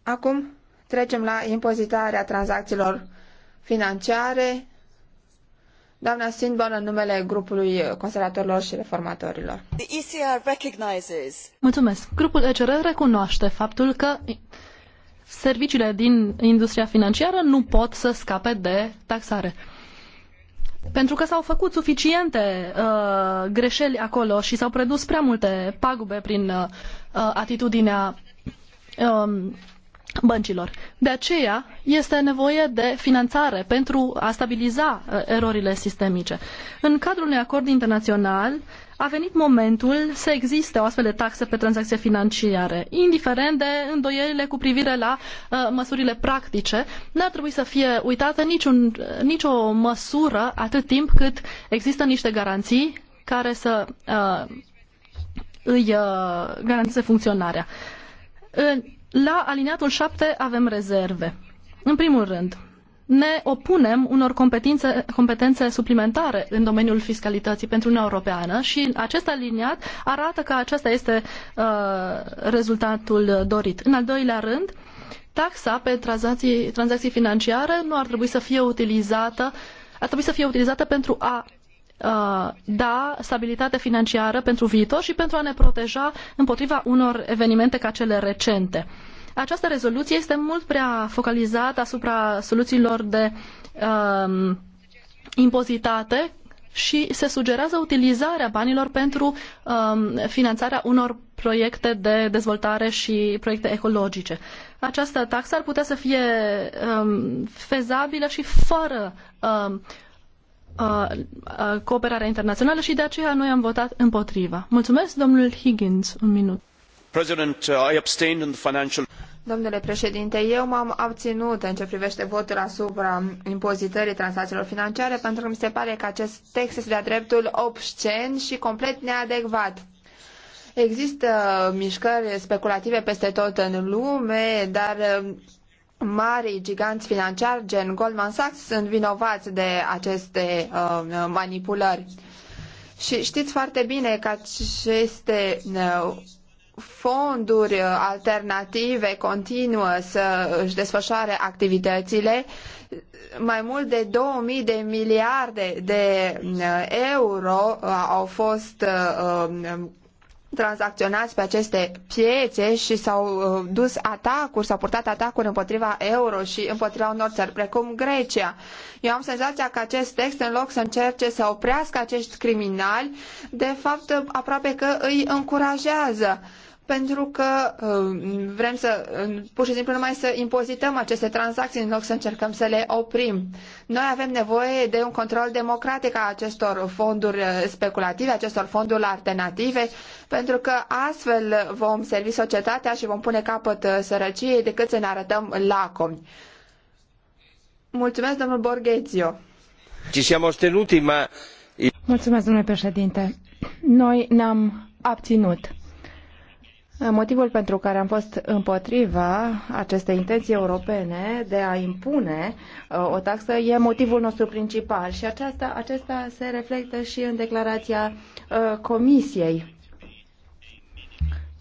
Acum trecem la impozitarea tranzacțiilor financiare. Doamna Sindborn, în numele grupului conservatorilor și reformatorilor. The ECR recognizes... Mulțumesc. Grupul ECR recunoaște faptul că serviciile din industria financiară nu pot să scape de taxare. Pentru că s-au făcut suficiente uh, greșeli acolo și s-au produs prea multe pagube prin uh, uh atitudinea um, băncilor. De aceea este nevoie de finanțare pentru a stabiliza uh, erorile sistemice. În cadrul unui acord internațional a venit momentul să existe o astfel de taxă pe tranzacție financiare, indiferent de îndoielile cu privire la uh, măsurile practice. nu ar trebui să fie uitată niciun, uh, nicio măsură atât timp cât există niște garanții care să uh, îi uh, garanteze funcționarea. În la aliniatul 7 avem rezerve. În primul rând, ne opunem unor competențe, competențe suplimentare în domeniul fiscalității pentru Uniunea Europeană și acest aliniat arată că acesta este uh, rezultatul dorit. În al doilea rând, taxa pe tranzacții, tranzacții financiare nu ar trebui să fie utilizată ar trebui să fie utilizată pentru a Uh, da stabilitate financiară pentru viitor și pentru a ne proteja împotriva unor evenimente ca cele recente. Această rezoluție este mult prea focalizată asupra soluțiilor de um, impozitate și se sugerează utilizarea banilor pentru um, finanțarea unor proiecte de dezvoltare și proiecte ecologice. Această taxă ar putea să fie um, fezabilă și fără um, Uh, uh, cooperarea internațională și de aceea noi am votat împotriva. Mulțumesc, domnul Higgins, un minut. Uh, Domnule președinte, eu m-am abținut în ce privește votul asupra impozitării tranzacțiilor financiare pentru că mi se pare că acest text este de-a dreptul obscen și complet neadecvat. Există mișcări speculative peste tot în lume, dar marii giganți financiari gen Goldman Sachs sunt vinovați de aceste uh, manipulări. Și știți foarte bine că aceste uh, fonduri uh, alternative continuă să își desfășoare activitățile. Mai mult de 2000 de miliarde de uh, euro au fost tranzacționați pe aceste piețe și s-au uh, dus atacuri, s-au purtat atacuri împotriva euro și împotriva unor țări, precum Grecia. Eu am senzația că acest text, în loc să încerce să oprească acești criminali, de fapt aproape că îi încurajează pentru că uh, vrem să, pur și simplu, numai să impozităm aceste tranzacții în loc să încercăm să le oprim. Noi avem nevoie de un control democratic a acestor fonduri uh, speculative, acestor fonduri alternative, pentru că astfel vom servi societatea și vom pune capăt uh, sărăciei decât să ne arătăm lacomi. Mulțumesc, domnul Borghezio. Ci siamo stenuti, ma... Mulțumesc, domnule președinte. Noi ne-am abținut Motivul pentru care am fost împotriva acestei intenții europene de a impune uh, o taxă e motivul nostru principal și aceasta, acesta se reflectă și în declarația uh, Comisiei.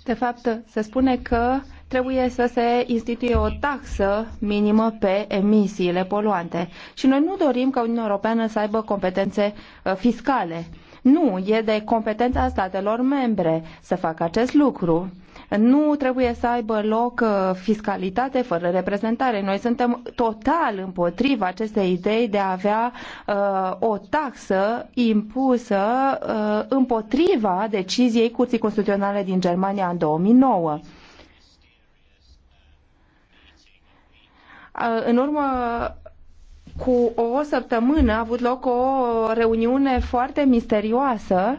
De fapt, se spune că trebuie să se instituie o taxă minimă pe emisiile poluante. Și noi nu dorim ca Uniunea Europeană să aibă competențe uh, fiscale. Nu, e de competența statelor membre să facă acest lucru nu trebuie să aibă loc uh, fiscalitate fără reprezentare. Noi suntem total împotriva acestei idei de a avea uh, o taxă impusă uh, împotriva deciziei Curții Constituționale din Germania în 2009. Uh, în urmă cu o săptămână a avut loc o reuniune foarte misterioasă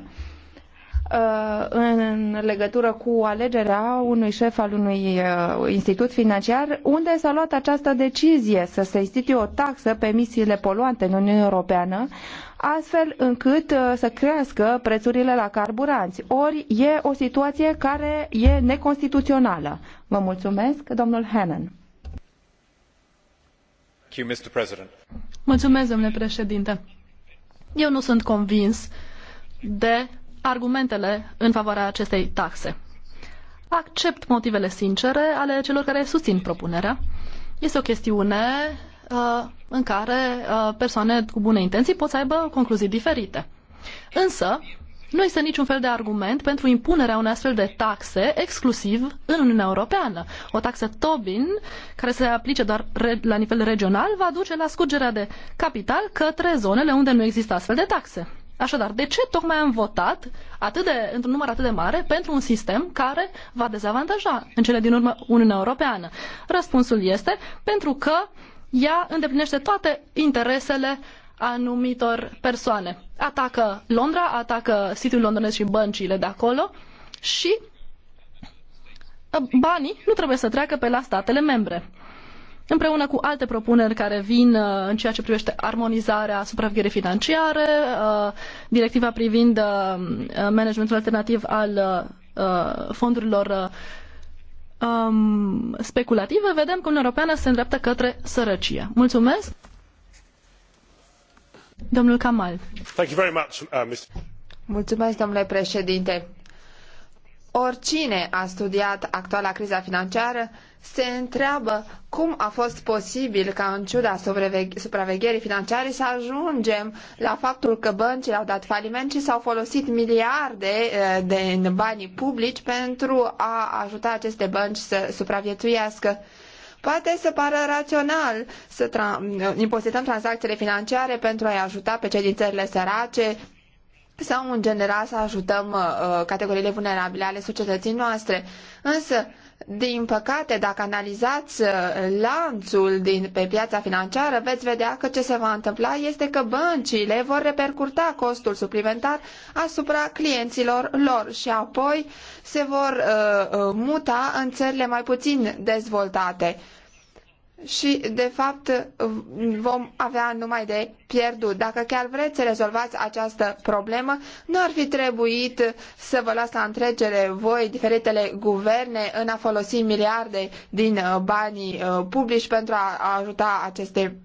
Uh, în legătură cu alegerea unui șef al unui uh, institut financiar, unde s-a luat această decizie să se instituie o taxă pe emisiile poluante în Uniunea Europeană, astfel încât uh, să crească prețurile la carburanți. Ori e o situație care e neconstituțională. Vă mulțumesc, domnul Hannan. Mulțumesc, domnule președinte. Eu nu sunt convins de argumentele în favoarea acestei taxe. Accept motivele sincere ale celor care susțin propunerea. Este o chestiune uh, în care uh, persoane cu bune intenții pot să aibă concluzii diferite. Însă, nu este niciun fel de argument pentru impunerea unei astfel de taxe exclusiv în Uniunea Europeană. O taxă Tobin, care se aplice doar la nivel regional, va duce la scurgerea de capital către zonele unde nu există astfel de taxe. Așadar, de ce tocmai am votat atât de, într-un număr atât de mare pentru un sistem care va dezavantaja în cele din urmă Uniunea Europeană? Răspunsul este pentru că ea îndeplinește toate interesele anumitor persoane. Atacă Londra, atacă City-ul londonez și băncile de acolo și uh, banii nu trebuie să treacă pe la statele membre împreună cu alte propuneri care vin uh, în ceea ce privește armonizarea supravegherii financiare, uh, directiva privind uh, managementul alternativ al fondurilor um, speculative, vedem că Uniunea Europeană se îndreaptă către sărăcie. Mulțumesc! Domnul Kamal. Mulțumesc, domnule președinte Oricine a studiat actuala criza financiară se întreabă cum a fost posibil ca în ciuda supravegherii financiare să ajungem la faptul că băncile au dat faliment și s-au folosit miliarde din banii publici pentru a ajuta aceste bănci să supraviețuiască. Poate să pară rațional să tra- impozităm tranzacțiile financiare pentru a-i ajuta pe cei din țările sărace, sau în general să ajutăm uh, uh, categoriile vulnerabile ale societății noastre. Însă, din păcate, dacă analizați uh, lanțul din, pe piața financiară, veți vedea că ce se va întâmpla este că băncile vor repercuta costul suplimentar asupra clienților lor și apoi se vor uh, uh muta în țările mai puțin dezvoltate și, de fapt, vom avea numai de pierdut. Dacă chiar vreți să rezolvați această problemă, nu ar fi trebuit să vă las la întrecere voi, diferitele guverne, în a folosi miliarde din uh, banii uh, publici pentru a ajuta aceste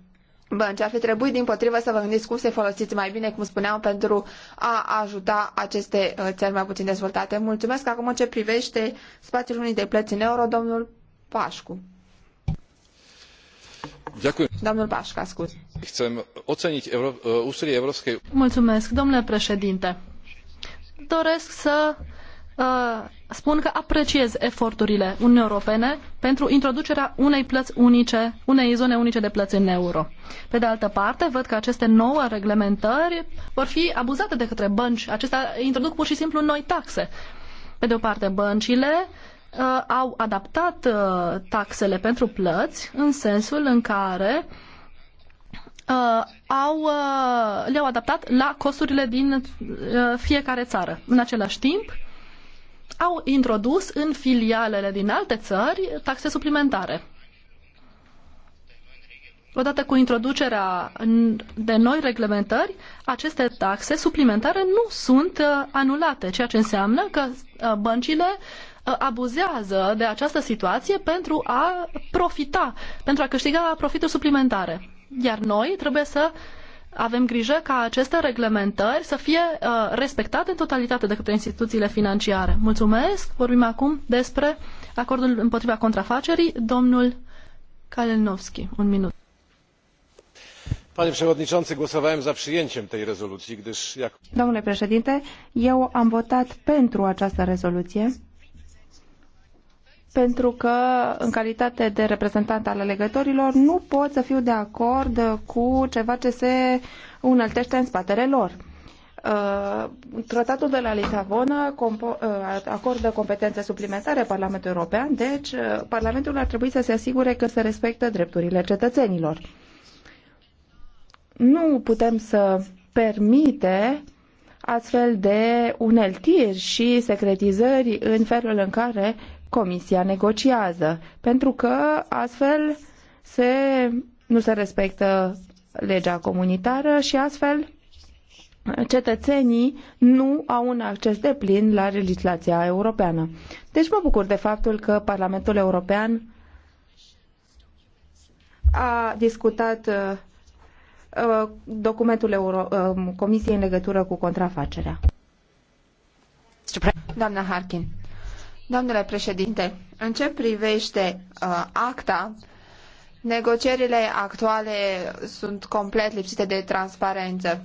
bănci. Ar fi trebuit, din potrivă, să vă gândiți cum să îi folosiți mai bine, cum spuneam, pentru a ajuta aceste uh, țări mai puțin dezvoltate. Mulțumesc. Acum, ce privește spațiul unii de plăți în euro, domnul Pașcu. Chcem oceniť úsilie Európskej... președinte. Doresc să spun că apreciez eforturile Uniunii Europene pentru introducerea unei plăți unice, unei zone unice de plăți în euro. Pe de altă parte, văd că aceste nouă reglementări vor fi abuzate de către bănci. Acestea introduc pur și simplu noi taxe. Pe de o parte, băncile uh, au adaptat uh, taxele pentru plăți în sensul în care uh, au, uh, le-au adaptat la costurile din uh, fiecare țară. În același timp, au introdus în filialele din alte țări taxe suplimentare. Odată cu introducerea de noi reglementări, aceste taxe suplimentare nu sunt uh, anulate, ceea ce înseamnă că uh, băncile Uh, abuzează de această situație pentru a profita, pentru a câștiga profituri suplimentare. Iar noi trebuie să avem grijă ca aceste reglementări să fie uh, respectate în totalitate de către instituțiile financiare. Mulțumesc. Vorbim acum despre acordul împotriva contrafacerii. Domnul Kalinowski, un minut. Panie przewodniczący, głosowałem za przyjęciem tej rezolucji, gdyż jak Domnule președinte, eu am votat pentru această rezoluție pentru că, în calitate de reprezentant al alegătorilor, nu pot să fiu de acord cu ceva ce se unăltește în spatele lor. Uh, tratatul de la Lisabona uh, acordă competențe suplimentare Parlamentului European, deci uh, Parlamentul ar trebui să se asigure că se respectă drepturile cetățenilor. Nu putem să permite astfel de uneltiri și secretizări în felul în care Comisia negociază, pentru că astfel se, nu se respectă legea comunitară și astfel cetățenii nu au un acces de plin la legislația europeană. Deci mă bucur de faptul că Parlamentul European a discutat uh, uh, documentul Euro uh, Comisiei în legătură cu contrafacerea. Doamna Harkin. Domnule președinte, în ce privește uh, acta, negocierile actuale sunt complet lipsite de transparență.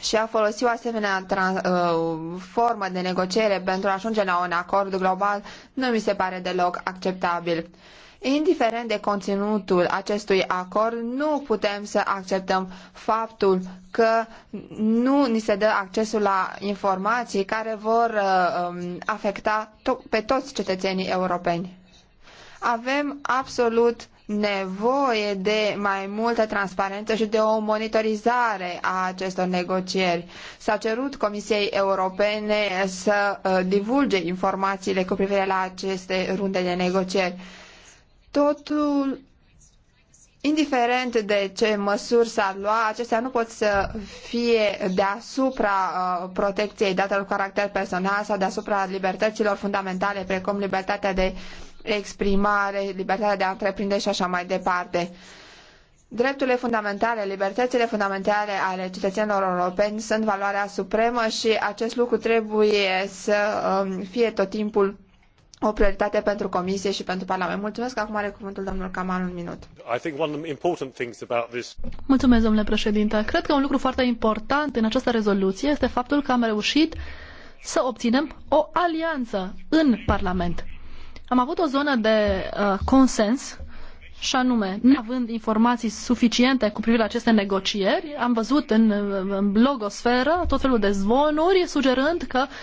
Și a folosit o asemenea trans, uh, formă de negociere pentru a ajunge la un acord global nu mi se pare deloc acceptabil. Uh, Indiferent de conținutul acestui acord, nu putem să acceptăm faptul că nu ni se dă accesul la informații care vor uh, um, afecta pe toți cetățenii europeni. Avem absolut nevoie de mai multă transparență și de o monitorizare a acestor negocieri. S-a cerut Comisiei Europene să uh, divulge informațiile cu privire la aceste runde de negocieri Totul, indiferent de ce măsuri s-ar lua, acestea nu pot să fie deasupra uh, protecției datelor cu caracter personal sau deasupra libertăților fundamentale, precum libertatea de exprimare, libertatea de a întreprinde și așa mai departe. Drepturile fundamentale, libertățile fundamentale ale cetățenilor europeni sunt valoarea supremă și acest lucru trebuie să um, fie tot timpul o prioritate pentru Comisie și pentru Parlament. Mulțumesc. Acum are cuvântul domnul Kamal un minut. Mulțumesc, domnule președinte. Cred că un lucru foarte important în această rezoluție este faptul că am reușit să obținem o alianță în Parlament. Am avut o zonă de uh, consens și anume, neavând informații suficiente cu privire la aceste negocieri, am văzut în, în blogosferă tot felul de zvonuri sugerând că uh,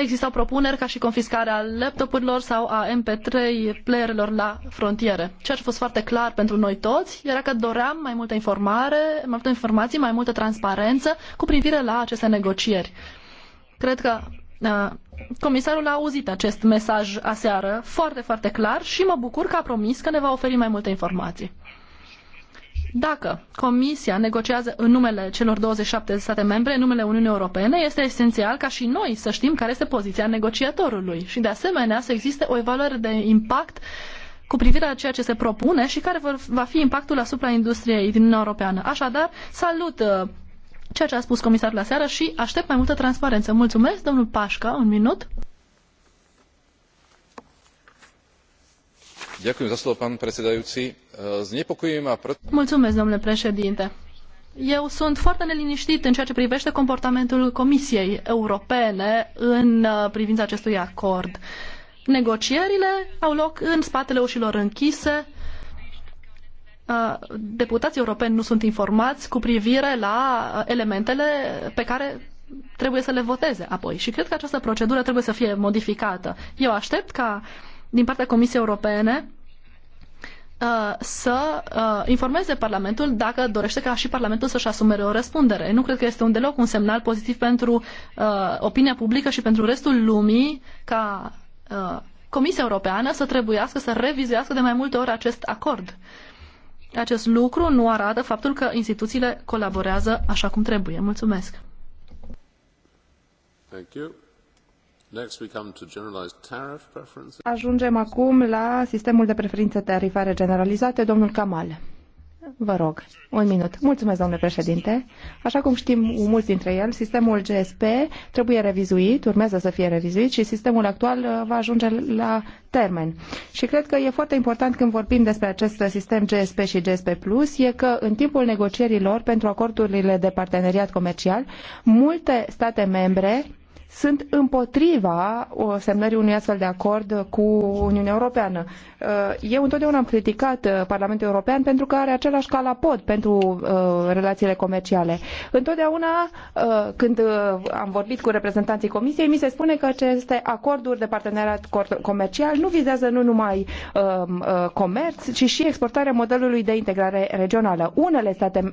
existau propuneri ca și confiscarea laptopurilor sau a MP3 playerelor la frontiere. Ceea ce a fost foarte clar pentru noi toți era că doream mai multă informare, mai multe informații, mai multă transparență cu privire la aceste negocieri. Cred că comisarul a auzit acest mesaj aseară foarte, foarte clar și mă bucur că a promis că ne va oferi mai multe informații. Dacă Comisia negociază în numele celor 27 de state membre, în numele Uniunii Europene, este esențial ca și noi să știm care este poziția negociatorului și, de asemenea, să existe o evaluare de impact cu privire la ceea ce se propune și care va fi impactul asupra industriei din Uniunea Europeană. Așadar, salut uh, ceea ce a spus comisarul la seară și aștept mai multă transparență. Mulțumesc, domnul Pașca, un minut. Mulțumesc, domnule președinte. Eu sunt foarte neliniștit în ceea ce privește comportamentul Comisiei Europene în privința acestui acord. Negocierile au loc în spatele ușilor închise. Deputații europeni nu sunt informați cu privire la elementele pe care trebuie să le voteze apoi. Și cred că această procedură trebuie să fie modificată. Eu aștept ca din partea Comisiei Europene uh, să uh, informeze Parlamentul dacă dorește ca și Parlamentul să-și asume o răspundere. Nu cred că este un deloc un semnal pozitiv pentru uh, opinia publică și pentru restul lumii ca Comisia Europeană să trebuiască să revizuiască de mai multe ori acest acord. Acest lucru nu arată faptul că instituțiile colaborează așa cum trebuie. Mulțumesc! Thank you. Ajungem acum la sistemul de preferințe tarifare generalizate. Domnul Kamal. Vă rog, un minut. Mulțumesc, domnule președinte. Așa cum știm mulți dintre el, sistemul GSP trebuie revizuit, urmează să fie revizuit și sistemul actual uh, va ajunge la termen. Și cred că e foarte important când vorbim despre acest sistem GSP și GSP Plus, e că în timpul negocierilor pentru acordurile de parteneriat comercial, multe state membre sunt împotriva uh, semnării unui astfel de acord cu Uniunea Europeană. Uh, eu întotdeauna am criticat uh, Parlamentul European pentru că are același calapod pentru relațiile comerciale. Întotdeauna când am vorbit cu reprezentanții Comisiei, mi se spune că aceste acorduri de parteneriat comercial nu vizează nu numai comerț, ci și exportarea modelului de integrare regională. Unele state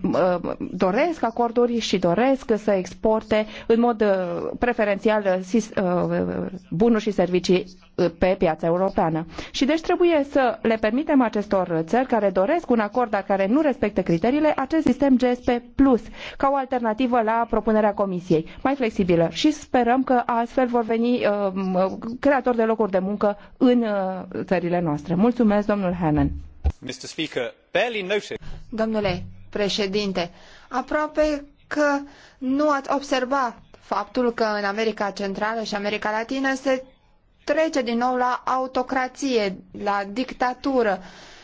doresc acorduri și doresc să exporte în mod preferențial esențial uh, uh, bunuri și servicii uh, pe piața europeană. Și deci trebuie să le permitem acestor țări care doresc un acord, dar care nu respectă criteriile, acest sistem GSP Plus, ca o alternativă la propunerea Comisiei, mai flexibilă. Și sperăm că astfel vor veni uh, creatori de locuri de muncă în uh, țările noastre. Mulțumesc, domnul Hannan. Domnule președinte, aproape că nu ați observat faptul că în America Centrală și America Latină se trece din nou la autocrație, la dictatură.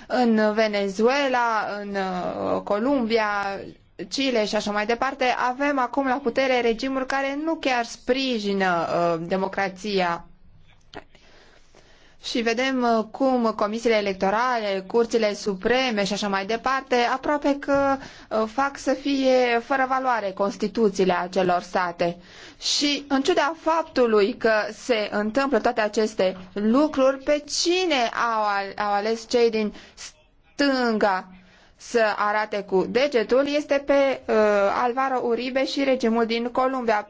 În Venezuela, în uh, Columbia, Chile și așa mai departe, avem acum la putere regimuri care nu chiar sprijină uh, democrația și vedem uh, cum comisiile electorale, curțile supreme și așa mai departe, aproape că uh, fac să fie fără valoare constituțiile acelor state. Și în ciuda faptului că se întâmplă toate aceste lucruri, pe cine au, au ales cei din stânga să arate cu degetul este pe uh, Alvaro Uribe și regimul din Columbia,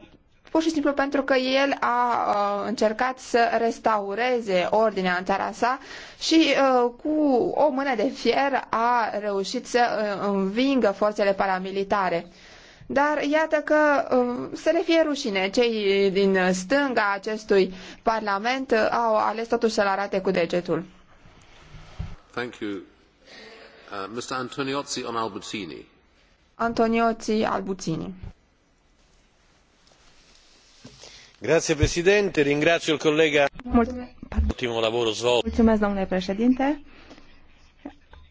pur și simplu pentru că el a încercat să restaureze ordinea în țara sa și cu o mână de fier a reușit să învingă forțele paramilitare. Dar iată că să le fie rușine, cei din stânga acestui parlament au ales totuși să-l arate cu degetul. Thank you. Uh, Mr. Antoniozzi on Antoniozzi Albuțini. Grazie Presidente, ringrazio il collega per ultimul lavoro svolto. Mulțumesc, domnule președinte.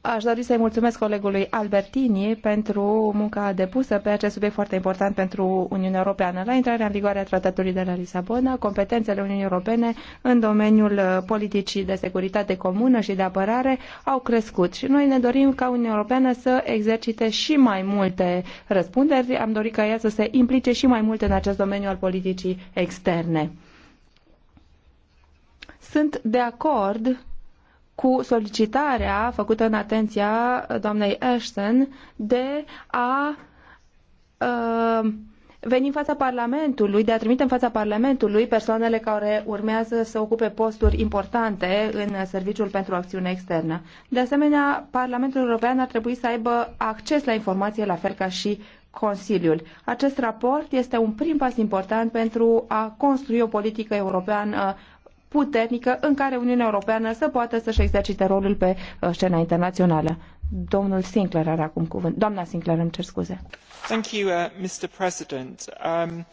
Aș dori să-i mulțumesc colegului Albertini pentru munca depusă pe acest subiect foarte important pentru Uniunea Europeană. La intrarea în vigoare a Tratatului de la Lisabona, competențele Uniunii Europene în domeniul uh, politicii de securitate comună și de apărare au crescut și noi ne dorim ca Uniunea Europeană să exercite și mai multe răspunderi. Am dorit ca ea să se implice și mai mult în acest domeniu al politicii externe. Sunt de acord cu solicitarea făcută în atenția uh, doamnei Ashton de a uh, veni în fața Parlamentului, de a trimite în fața Parlamentului persoanele care urmează să ocupe posturi importante în Serviciul pentru Acțiune Externă. De asemenea, Parlamentul European ar trebui să aibă acces la informație la fel ca și Consiliul. Acest raport este un prim pas important pentru a construi o politică europeană puternică în care Uniunea Europeană să poată să-și exercite rolul pe uh, scena internațională. Domnul Sinclair are acum cuvânt. Doamna Sinclair, îmi cer scuze. Thank you, uh, Mr. President. Um...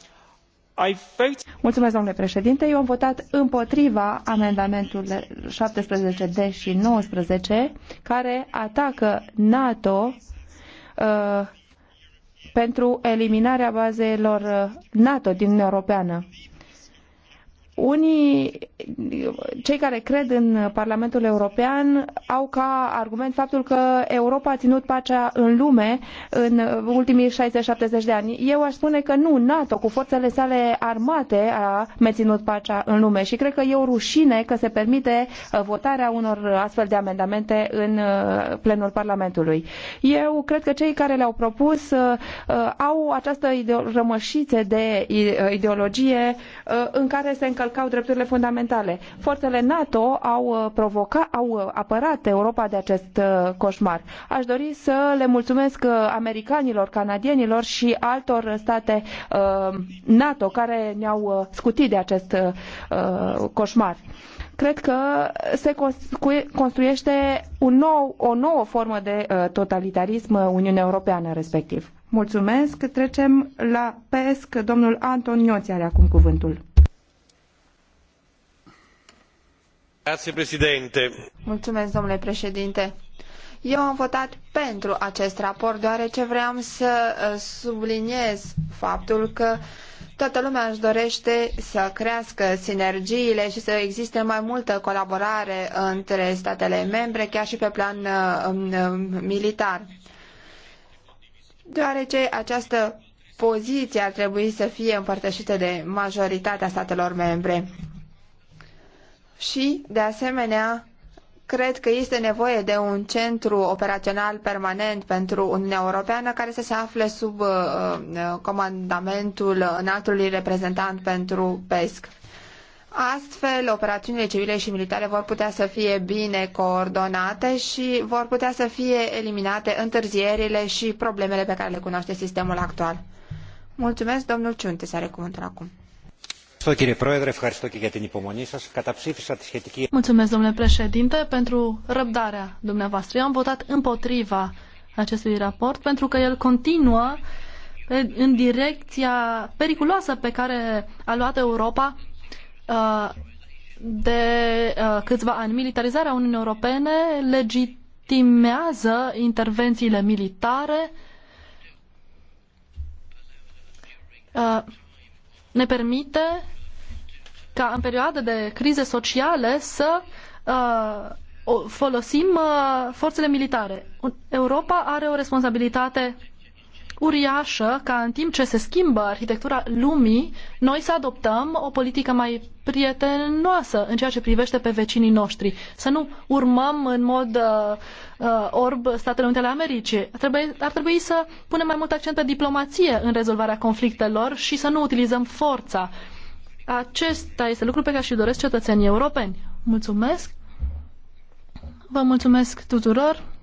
Mulțumesc, domnule președinte. Eu am votat împotriva amendamentului 17 D și 19 care atacă NATO uh, pentru eliminarea bazelor uh, NATO din Uniunea Europeană. Uh, unii, cei care cred în Parlamentul European, au ca argument faptul că Europa a ținut pacea în lume în ultimii 60-70 de ani. Eu aș spune că nu, NATO cu forțele sale armate a menținut pacea în lume și cred că e o rușine că se permite uh, votarea unor astfel de amendamente în uh, plenul Parlamentului. Eu cred că cei care le-au propus uh, au această rămășiță de ideologie în care se încălzește încălcau drepturile fundamentale. Forțele NATO au, uh, provoca, au uh, apărat Europa de acest uh, coșmar. Aș dori să le mulțumesc americanilor, canadienilor și altor state NATO care ne-au scutit de acest coșmar cred că se construiește un nou, o nouă formă de totalitarism Uniunea Europeană respectiv. Mulțumesc. Trecem la PESC. Domnul Anton Ioți are acum cuvântul. Mulțumesc, domnule președinte. Eu am votat pentru acest raport deoarece vreau să uh, subliniez faptul că toată lumea își dorește să crească sinergiile și să existe mai multă colaborare între statele membre, chiar și pe plan uh, um, um, militar. Deoarece această poziție ar trebui să fie împărtășită de majoritatea statelor membre și, de asemenea, cred că este nevoie de un centru operațional permanent pentru Uniunea Europeană care să se afle sub uh, uh, comandamentul înaltului reprezentant pentru PESC. Astfel, operațiunile civile și militare vor putea să fie bine coordonate și vor putea să fie eliminate întârzierile și problemele pe care le cunoaște sistemul actual. Mulțumesc, domnul Ciunte, să are cuvântul acum. Mulțumesc, domnule președinte, pentru răbdarea dumneavoastră. Eu am votat împotriva acestui raport pentru că el continuă în direcția periculoasă pe care a luat Europa uh, de uh, câțiva ani. Militarizarea Uniunii Europene legitimează intervențiile militare, uh, ne permite ca în perioade de crize sociale să uh, folosim uh, forțele militare. Europa are o responsabilitate uriașă ca în timp ce se schimbă arhitectura lumii, noi să adoptăm o politică mai prietenoasă în ceea ce privește pe vecinii noștri. Să nu urmăm în mod uh, uh orb Statele Unite ale Americii. trebui, ar trebui să punem mai mult accent pe diplomație în rezolvarea conflictelor și să nu utilizăm forța. Uh, acesta este lucrul pe care și doresc cetățenii europeni. Mulțumesc! Vă mulțumesc tuturor!